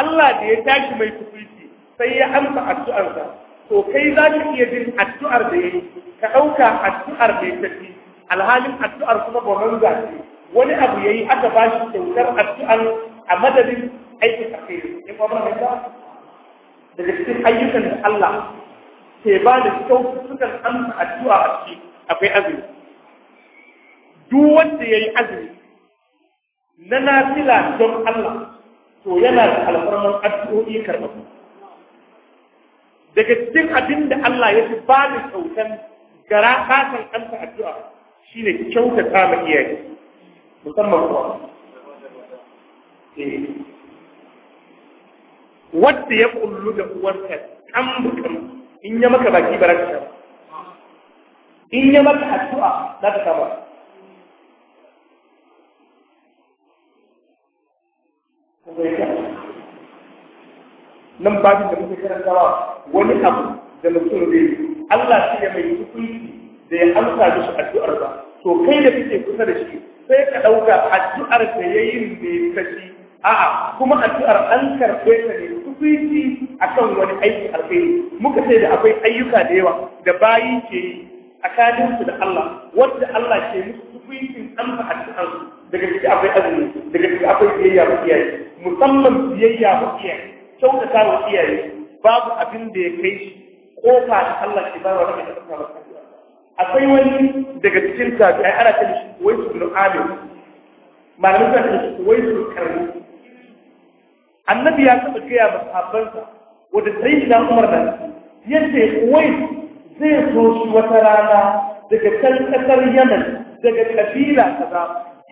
Allah da ya tashi mai tukuici sai ya amsa addu'arsa to kai za ka iya jin addu'ar da yayi ka dauka addu'ar da tafi alhalin addu'ar kuma ba manza ce wani abu ya yi aka ba shi kyautar addu'an a madadin aikin alheri in kuma mai da daga cikin ayyukan da Allah ke ba da kyautukan amsa addu'a a ciki akwai azumi duk wanda ya yi azumi na nafila don Allah to yana da alfarman addu'o'i karɓa daga cikin abin da Allah ya fi ba da kyautan gara kasan amsa addu'a shine kyautata ma iyaye musamman kuwa eh. wadda ya kullu da uwarka kan bukan in ya maka baki ba za ta in ya maka addu'a za ta saba nan babin da muke karantawa wani abu da mutum zai Allah shi ya mai hukunci da ya amsa da shi addu'ar ba to kai da kake kusa da shi sai ka ɗauka addu'ar da ya yi ne ta ci a'a kuma addu'ar an karɓe ta ne a kan wani aiki alkhairi muka ce da akwai ayyuka da yawa da bayi ke yi tsakanin su da Allah wanda Allah ke musu tukuicin an fa addu'ar daga ciki akwai azumi daga ciki akwai biyayya wa iyaye musamman biyayya wa iyaye kyautata wa iyaye babu abin da ya kai shi kofa da Allah ke bayar wa da ta akwai wani daga cikin tafi ai ana ta shi wai su bin amir malamin ta shi wai su karni annabi ya taɓa gaya ma sahabbansa wanda sai na umar nan yace wai zai zo shi wata rana daga can ƙasar yaman daga kabila kaza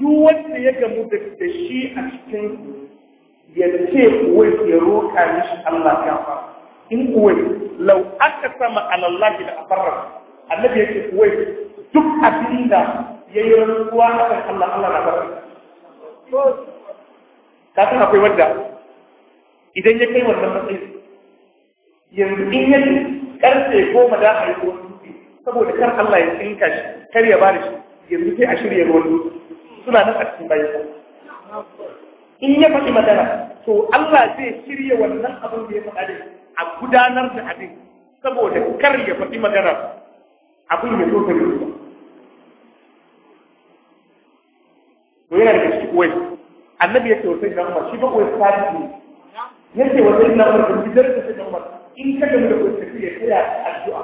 duk wanda ya gamu da shi a cikin ya ce wai ya roƙa mishi Allah ya fa in wai lau aka sama alallahi da abarra annabi yake wai duk abin da ya yi rantsuwa a kan Allah Allah na barka ka san akwai wanda idan ya kai wannan matsayi yanzu in ya karfe goma da a yi ruwan dutse saboda kar Allah ya tsinka shi kar ya bada shi yanzu sai a shirya ruwan dutse suna nan a cikin bayan in ya faɗi magana to Allah zai shirya wannan abin da ya faɗa da a gudanar da abin saboda kar ya faɗi magana abin ya zo gare su Ko yana da shi kuwai. annabi ya ce wa sai na shi ba wai sadi ne ya ce wa sai na umar da bidar da sai na in ka gami da wai tafi ya tsaya addu'a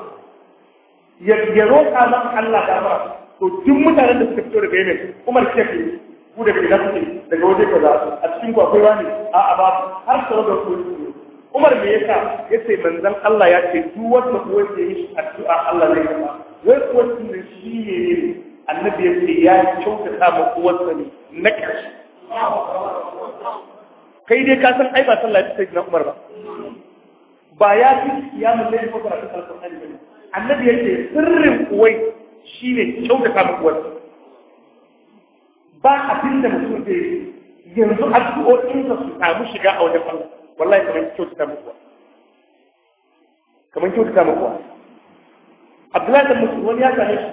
ya ya roƙa maka Allah da amara to duk mutanen da suka fito daga yemen umar ke ke ku da ke nafi daga waje su a cikin ku akwai wani a a babu har sau da ku umar me yasa yace manzon Allah ya ce duk wanda kuwai yake yi addu'a Allah zai karba wai kuwatin da shi ne annabi ya ce ya kyautata ma uwarsa ne na ƙarshe kai dai ka san ai ba sallah ta na Umar ba ba ya fi kiyamun laifin ko karatu alƙur'ani ba annabi ya ce sirrin kuwai shi uwai shine sa ma uwarsa ba abin da mutum zai yi yanzu addu'o'insa su samu shiga a wajen Allah wallahi kamar ta ma uwa kamar kyautata ma uwa abdullahi dan wani ya same shi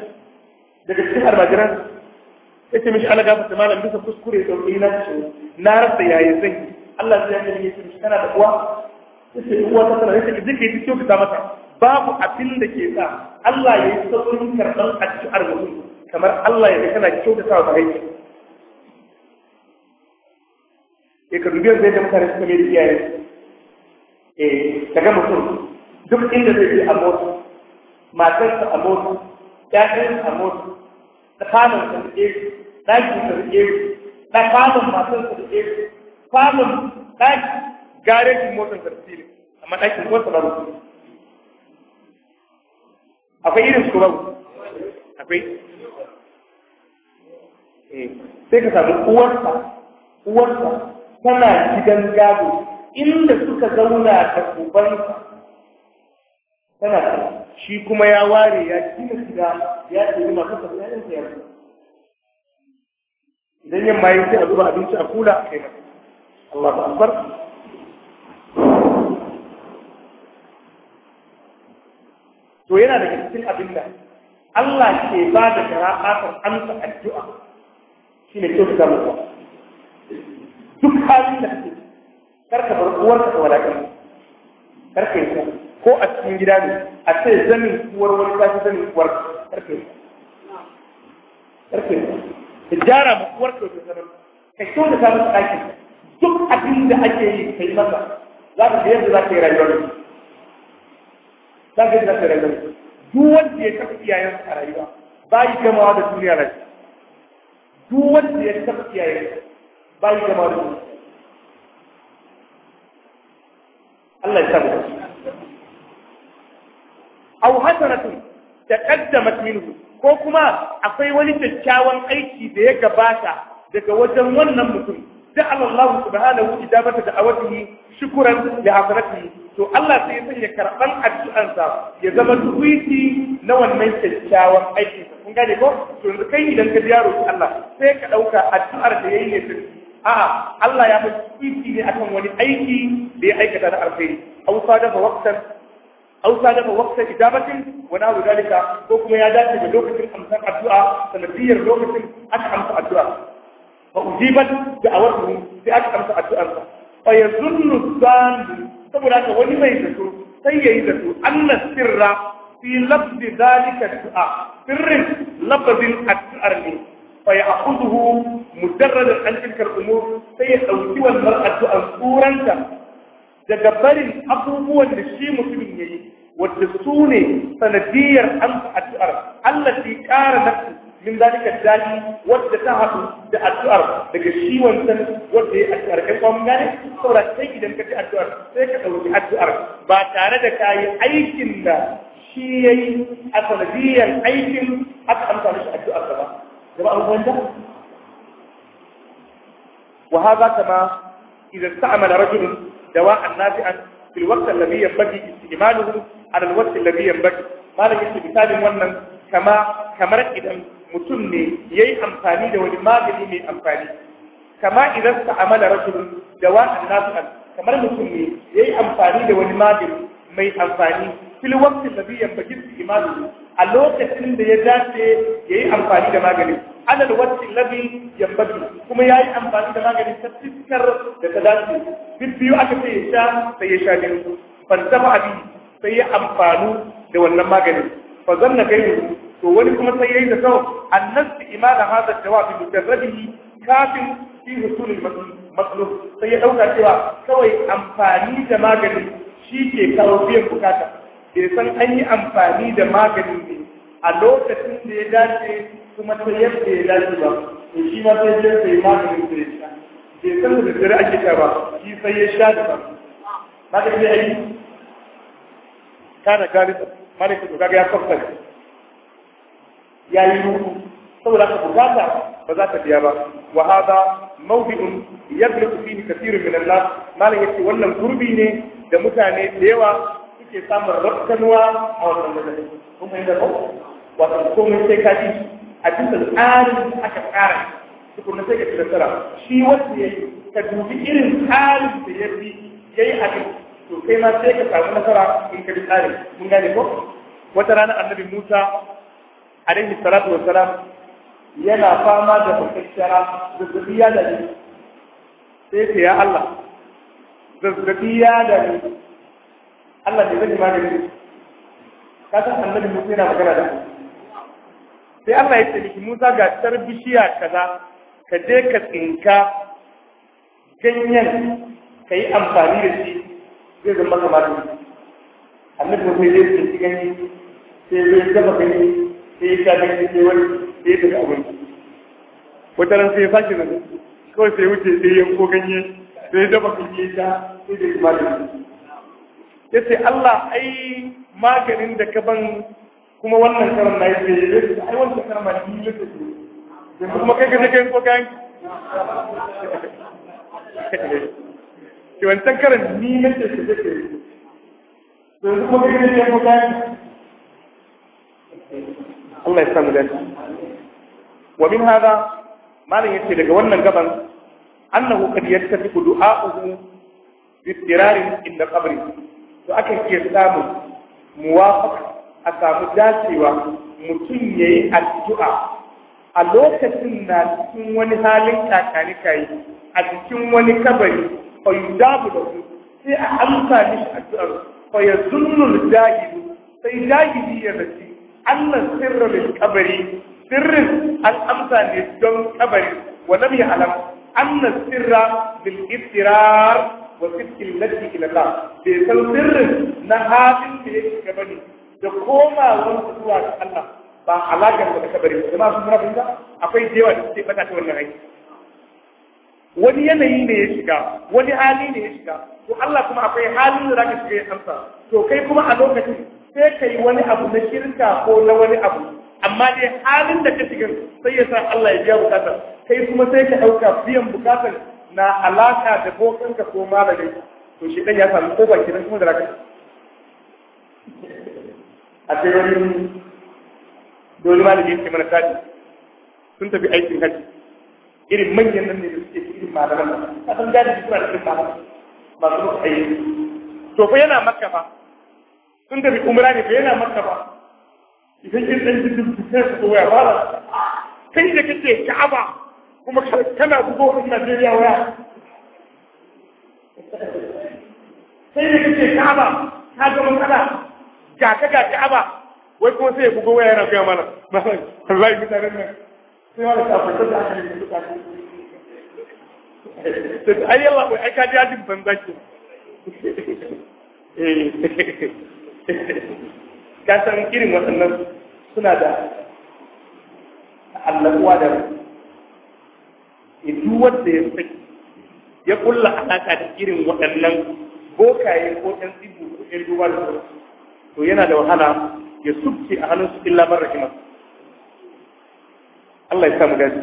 daga cikin almajiran ya ce mishi ala gafata malam bisa kuskure ya wani na ce na rasa yayi zai Allah zai yi ya ce kana da uwa ya ce uwa ta tana ya ce zai ka kyau ka mata babu abin da ke sa Allah ya yi saurin karɓar addu'ar mutum kamar Allah ya ga kana kyau da sa wa E, ka dubi zai yadda mutane suka mai da iyaye eh daga mutum duk inda zai yi a motsa matarsa a mota ƴaƴansa a mota tsakaninsa da ƙeri ɗakinsa da ƙeri tsakanin matarsa da ƙeri kwanon ɗaki garejin motar zarfiri amma ɗakin motar na rufe akwai irin su babu akwai eh, sai ka samu uwarsa uwarsa tana gidan gado inda suka zauna da ubansa tana tsaye shi kuma ya ware ya gina gida ya ɗari masu tafi ya yanka idan yin ya sai a zuba abinci a kula a kai masa Allah ba akbar to yana daga cikin abin da Allah ke ba da gara'atar amsa addu'a shi ne kyau da mutuwa duk halin da kake karka bar uwarka ka wadatar karka yi ko a cikin gida ne a ce zanin kuwar wani ta fi zanin uwar karfe karfe da jara ma kuwar karfe sanar ka kyau da samun ɗakin duk abin da ake yi ka yi masa za ka yadda za ka yi rayuwar za ka yi za ka yi rayuwar duk wanda ya kafa iyayen a rayuwa ba yi gamawa da duniya rai duk wanda ya kafa iyayen ba yi gamawa da duniya Allah ya sa mu aw hasanatun taqaddamat minhu ko kuma akwai wani kyakkyawan aiki da ya gabata daga wajen wannan mutum da Allah subhanahu ijabata da'awatihi shukran li hasanatihi to Allah sai ya sanya karban addu'ansa ya zama tuwiti na wannan kyakkyawan aiki. kun gane ko to yanzu kai idan ka yaro Allah sai ka dauka addu'ar da yayi ne sirri a'a Allah ya mutu ne akan wani aiki da ya aikata da alkhairi aw sadafa waqtan Hausa sadama waqta ijabatin wa abu dalika ko kuma ya dace da lokacin amsar addu'a sanadiyar lokacin aka amsa addu'a fa ujibat da'awatuhu sai aka amsa ba. fa yazunnu san saboda ka wani mai zato sai yayi zato anna sirra fi lafzi dalika du'a sirrin lafzin addu'ar ne a ya'khudhu mujarrad an tilka al-umur sai ya ɗauki wannan addu'ar suranta daga barin abubuwan da shi mutumin ya yi wadda su ne sanadiyar amsa addu'ar Allah fi ƙara nafsu min zalika dali wadda ta haɗu da addu'ar daga shi wancan wadda ya addu'ar kai kuma gane saboda sai idan ka ji addu'ar sai ka ɗauki addu'ar ba tare da ka yi aikin da shi ya yi a sanadiyar aikin aka amsa mishi addu'ar ba jama'ar wanda وهذا كما إذا استعمل رجل dawa'an nafi'an fil waqt alladhi yanbaghi istimaluhu ala al-waqt alladhi yanbaghi malam yake misalin wannan kama kamar idan mutum ne yayi amfani da wani magani mai amfani kama idan ta'amala rajulun dawa'an nafi'an kamar mutum ne yayi amfani da wani magani mai amfani fil waqt alladhi yanbaghi istimaluhu a lokacin da ya dace yayi amfani da maganin alal wacce labi fadi kuma ya yi amfani da maganin ta fiskar da ta dace duk biyu aka ce ya sha sai ya sha biyu fantafa abi sai ya amfanu da wannan maganin fa zanna kai to wani kuma sai yayi da kawai annasu imana hada jawabi bi rabi kafin fi husulil matlub sai ya dauka cewa kawai amfani da maganin shi ke kawo biyan bukata bai san an yi amfani da maganin ne a lokacin da ya dace kuma ta yadda ya dace ba to shi ma sai ya sai maganin da ya sha bai san da dare ake ta ba shi sai ya sha da ba ba da ai aiki kana galisa mare to ga ya fafta ya yi ruku saboda ka bukata ba za ta biya ba wa hada mawdi'un yablu fi kathirun min Allah malaka yace wannan gurbi ne da mutane da yawa suke samun rakkanuwa a wannan lokaci kuma inda ko wato komai sai ka ji a cikin tsarin aka tsara tukuna sai ka ci nasara shi wanda ya ka dubi irin tsarin da ya fi a yi abin to kai ma sai ka samu nasara in ka bi tsarin mun gane ko wata rana annabi musa alaihi salatu wassalam yana fama da kwakwakshara zazzabi ya dani sai ce ya Allah zazzabi ya dani Allah ne zai magani ka san annabi mutum yana magana da ku sai Allah ya ce Musa ga tar bishiya kaza ka je ka tsinka ganyen ka yi amfani da shi zai zama kamar annabi mutum zai tsinci ganye sai zai gaba ganye sai ya sha ganye sai wani sai ya tafi abin wata ran sai ya sake nan kawai sai wuce sai yanko ganye sai ya dafa ganye ta sai da shi ya ce Allah ai maganin da ka ban kuma wannan karan na yake yi zai ai wancan karan ma yi lissa su yanzu kuma kai ka sai kai ko kayan ki wancan karan ni na ke ka sai kai kuma kai ka sai kai ko kai? Allah ya samu dace wa min hada malam yace daga wannan gaban annahu kad yattafiqu du'a'uhu bi istirarin inda qabri to akan iya samun muwafaqa a samu dacewa mutum ya yi addu'a a lokacin na cikin wani halin kakani kayi. a cikin wani kabari fayudabu da su sai a amsa mishi addu'ar fayazunnul jahilu sai jahili ya rasu Allah sirrin kabari sirrin an amsa ne don kabari wa lam ya'lam anna sirra bil ittirar wa fitil lati ila bai san sirrin na halin da yake gaba ne da koma wani zuwa ga Allah ba alaƙar da bari ba ma sun rafin da akwai jewa da suke fata ta wannan hanyar wani yanayi ne ya shiga wani hali ne ya shiga to Allah kuma akwai hali da zaka shiga ya amsa to kai kuma a lokacin sai ka yi wani abu na shirka ko na wani abu amma dai halin da ka shiga sai ya sa Allah ya biya bukatar kai kuma sai ka ɗauka biyan bukatar na alaka da bokanka ko malamin to shi ɗan ya samu ko ba nan kuma da zaka akwai wani dole malami yake mana tadi sun tafi aikin hajji irin manyan nan ne da suke cikin malaman nan kasan gadi suna da irin malaman masu musu aiki to fa yana makka fa sun tafi umra ne fa yana makka fa idan kin dan jin dukkan su waya ba kai da kake ka'aba kuma kana bugo kan Najeriya waya sai da kake ka'aba ka ga kada. ga ka ga ka'aba wai kuma sai ya bugo waya yana gaya mana malam wallahi mutanen nan sai wani kafin da aka yi suka ce da ai yalla wai ai ka ji ajin banza ke eh. ka san irin waɗannan suna da allakuwa da eh, duk wanda ya saki ya kulla alaƙa da irin waɗannan bokaye ko ɗan tsibu ko ɗan duba da sauransu to yana da wahala ya subke a hannun su illa man rahimah Allah ya samu gani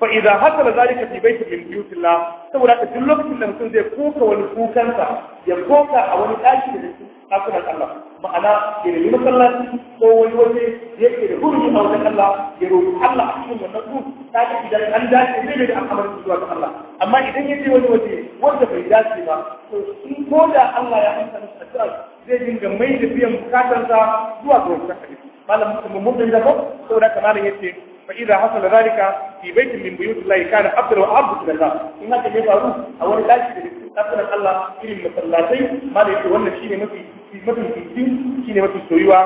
fa idza hasala zalika fi baitin min buyutillah saboda duk lokacin da mutum zai koka wani kukansa ya koka a wani daki da cikin ɗakunan Allah ma'ana ya masallaci ko wani waje yake da hurumi a wajen Allah ya roƙi Allah a cikin wannan ta idan an dace zai da al'amar zuwa ga Allah amma idan ya je wani waje wanda bai dace ba to in ko Allah ya amsa masa addu'a zai dinga mai da biyan bukatarsa zuwa ga wannan hadisi malamin mun da ko saboda yace فإذا حصل ذلك في بيت من بيوت الله كان أفضل وأفضل لله إن هذا a wani لا شيء أفضل الله في المسلاتين ما ليس ولا shine mafi. mafi fitin shine mafi soyuwa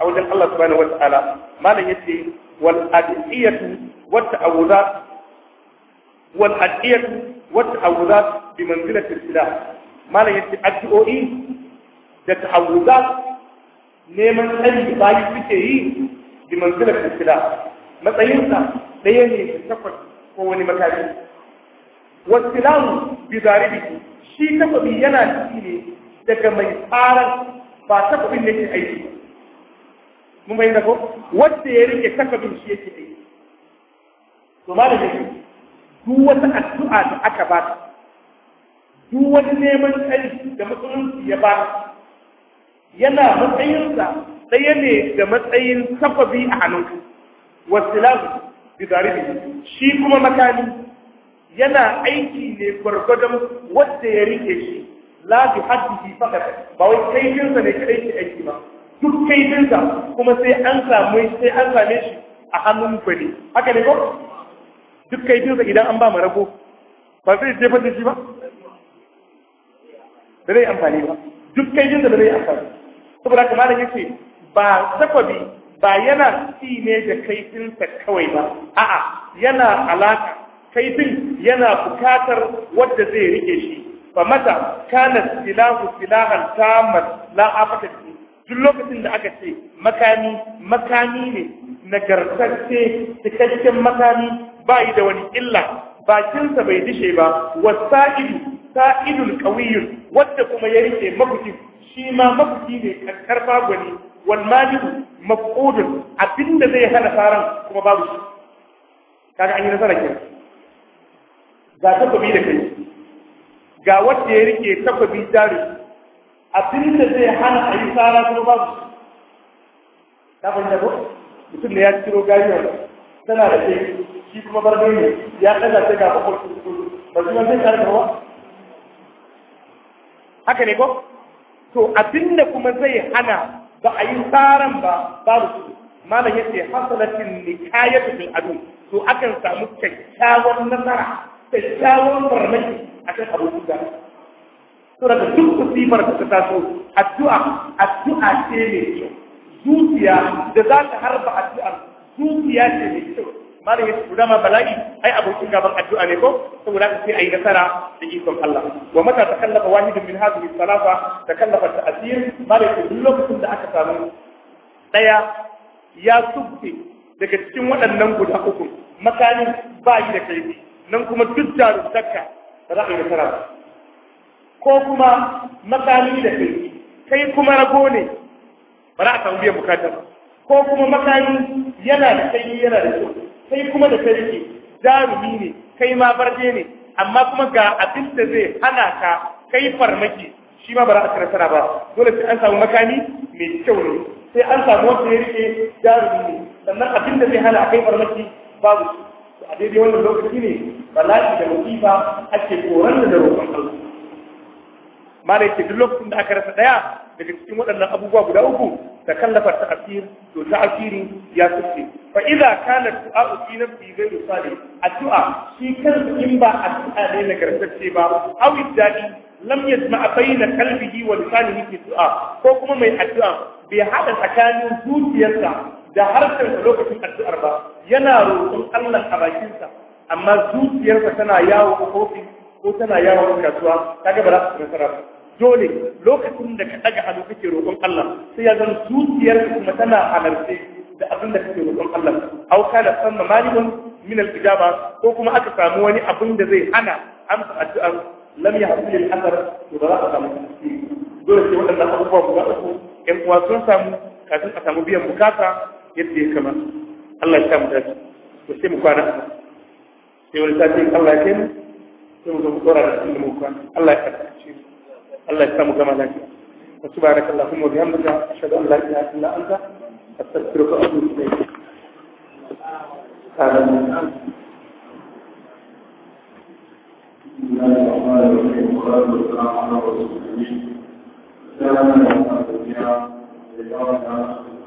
a wajen Allah subhanahu wata'ala malam yace wal adiyatu wat ta'awudat wal adiyatu wat ta'awudat bi manzilati al-silah malam yace addu'o'i da ta'awudat neman tsari bayi suke yi bi manzilati al-silah matsayinsa ɗaya ne da takwas ko wani mataki wasilamu bi zaribi shi takwabi yana ciki ne daga mai tsarar ba takobin da yake aiki ba, mun da ko wanda ya rike takobin shi yake aiki to malamin duk wata addu'a da aka ba ta duk wani neman kai da musulunci ya ba yana matsayinsa ɗaya ne da matsayin takwabi a hannunka wasilamu ne, shi kuma makami yana aiki ne gwargwadon wadda ya rike shi la bi haddihi faqat ba wai kaifin sa ne kai shi aiki ba duk kaifin sa kuma sai an samu sai an same shi a hannun gwani haka ne ko duk kaifin sa idan an ba marago ba zai je da shi ba da zai amfani ba duk kaifin sa da zai amfani saboda haka malam yake ba Sakobi ba yana ci ne da kaifin sa kawai ba a'a yana alaka kaifin yana bukatar wadda zai rike shi fa mata kana silahu silahan tamat la afata duk lokacin da aka ce makami makami ne nagartacce cikakken makami ba yi da wani illa bakinsa bai dishe ba sa'idu sa'idul qawiyyun wanda kuma ya rike mafuki shi ma mafuki ne karfa gwani wal maliku abinda zai hana faran kuma babu shi kaga an yi nasara kenan ga ta da kai ga wanda ya rike takwabi jari abin da zai hana a yi tsara su ba ta fahimta ko mutum da ya ciro gariyar tana da ke shi kuma barbe ne ya ɗaga ta ga bakwai ba su zai tsara ba haka ne ko to abin da kuma zai hana ba a yi tsaran ba ba su malam yace hasalatin nikayatu bil adu to akan samu kyakkyawan nasara kyakkyawan farmaki akan abu guda saboda duk musibar da ta taso addu'a addu'a ce mai kyau zuciya da za ta harba addu'a, zuciya ce mai kyau malam ya tura ma bala'i ai abokin gaban addu'a ne ko saboda ka sai ayi nasara da ikon Allah wa mata kallafa wahidun min hadhihi salafa takallafa ta'sir malam ya duk lokacin da aka samu daya ya subbe daga cikin waɗannan guda uku makamin ba yi da kaifi nan kuma duk jarumtarka ba za ko kuma makami da kai kai kuma rago ne ba za a samu biyan bukata ba ko kuma makami yana da kai yana da kyau kai kuma da kai jarumi ne kai ma barje ne amma kuma ga abin da zai hana ka kai farmaki shi ma ba za a ci nasara ba dole sai an samu makami mai kyau ne sai an samu wanda ya rike jarumi ne sannan abin da zai hana kai farmaki babu shi daidai wannan lokaci ne bala'i da musifa ake koran da roƙon Allah mala yake duk lokacin da aka rasa daya daga cikin waɗannan abubuwa guda uku da kallafa ta asir to ta asiri ya tsufe fa idza kana du'a fi nafsi ghayru salih addu'a shi kansa in ba addu'a ne nagartacce ba aw idani lam yasma bayna qalbihi wa lisanihi fi du'a ko kuma mai addu'a bai hada tsakanin zuciyarsa da harshen lokacin addu'ar ba yana roƙon Allah a bakinsa amma zuciyarsa tana yawo a kofi ko tana yawo a kasuwa kaga ba za su nasara ba dole lokacin da ka daga hannu kake roƙon Allah sai ya zan zuciyarka kuma tana halarce da abin da kake roƙon Allah au kana sanna malikun min al-ijaba ko kuma aka samu wani abin da zai hana amsa addu'ar lam yahsul al-athar to ba za a samu dole sai waɗannan abubuwa guda uku ƴan uwa sun samu kafin a samu biyan bukata yadda ya kama Allah ya samu dace to sai mu kwana sai wani sati Allah ya kai mu sai mu zo mu dora da cikin mu kwana Allah ya karkace mu Allah ya samu gama lafiya wa subhanakallahumma wa bihamdika ashhadu an la ilaha illa anta astaghfiruka wa atubu ilayk Amin. الله الرحمن الرحيم والصلاه والسلام على رسول الله. سلام عليكم ورحمه الله وبركاته.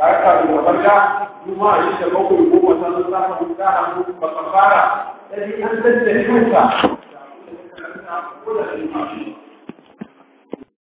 ka yi kafin da farka kuma a yi da bakwai goma ta zo za ka huta a mutu ba ka fara sai an tattare kanka ko da shi ma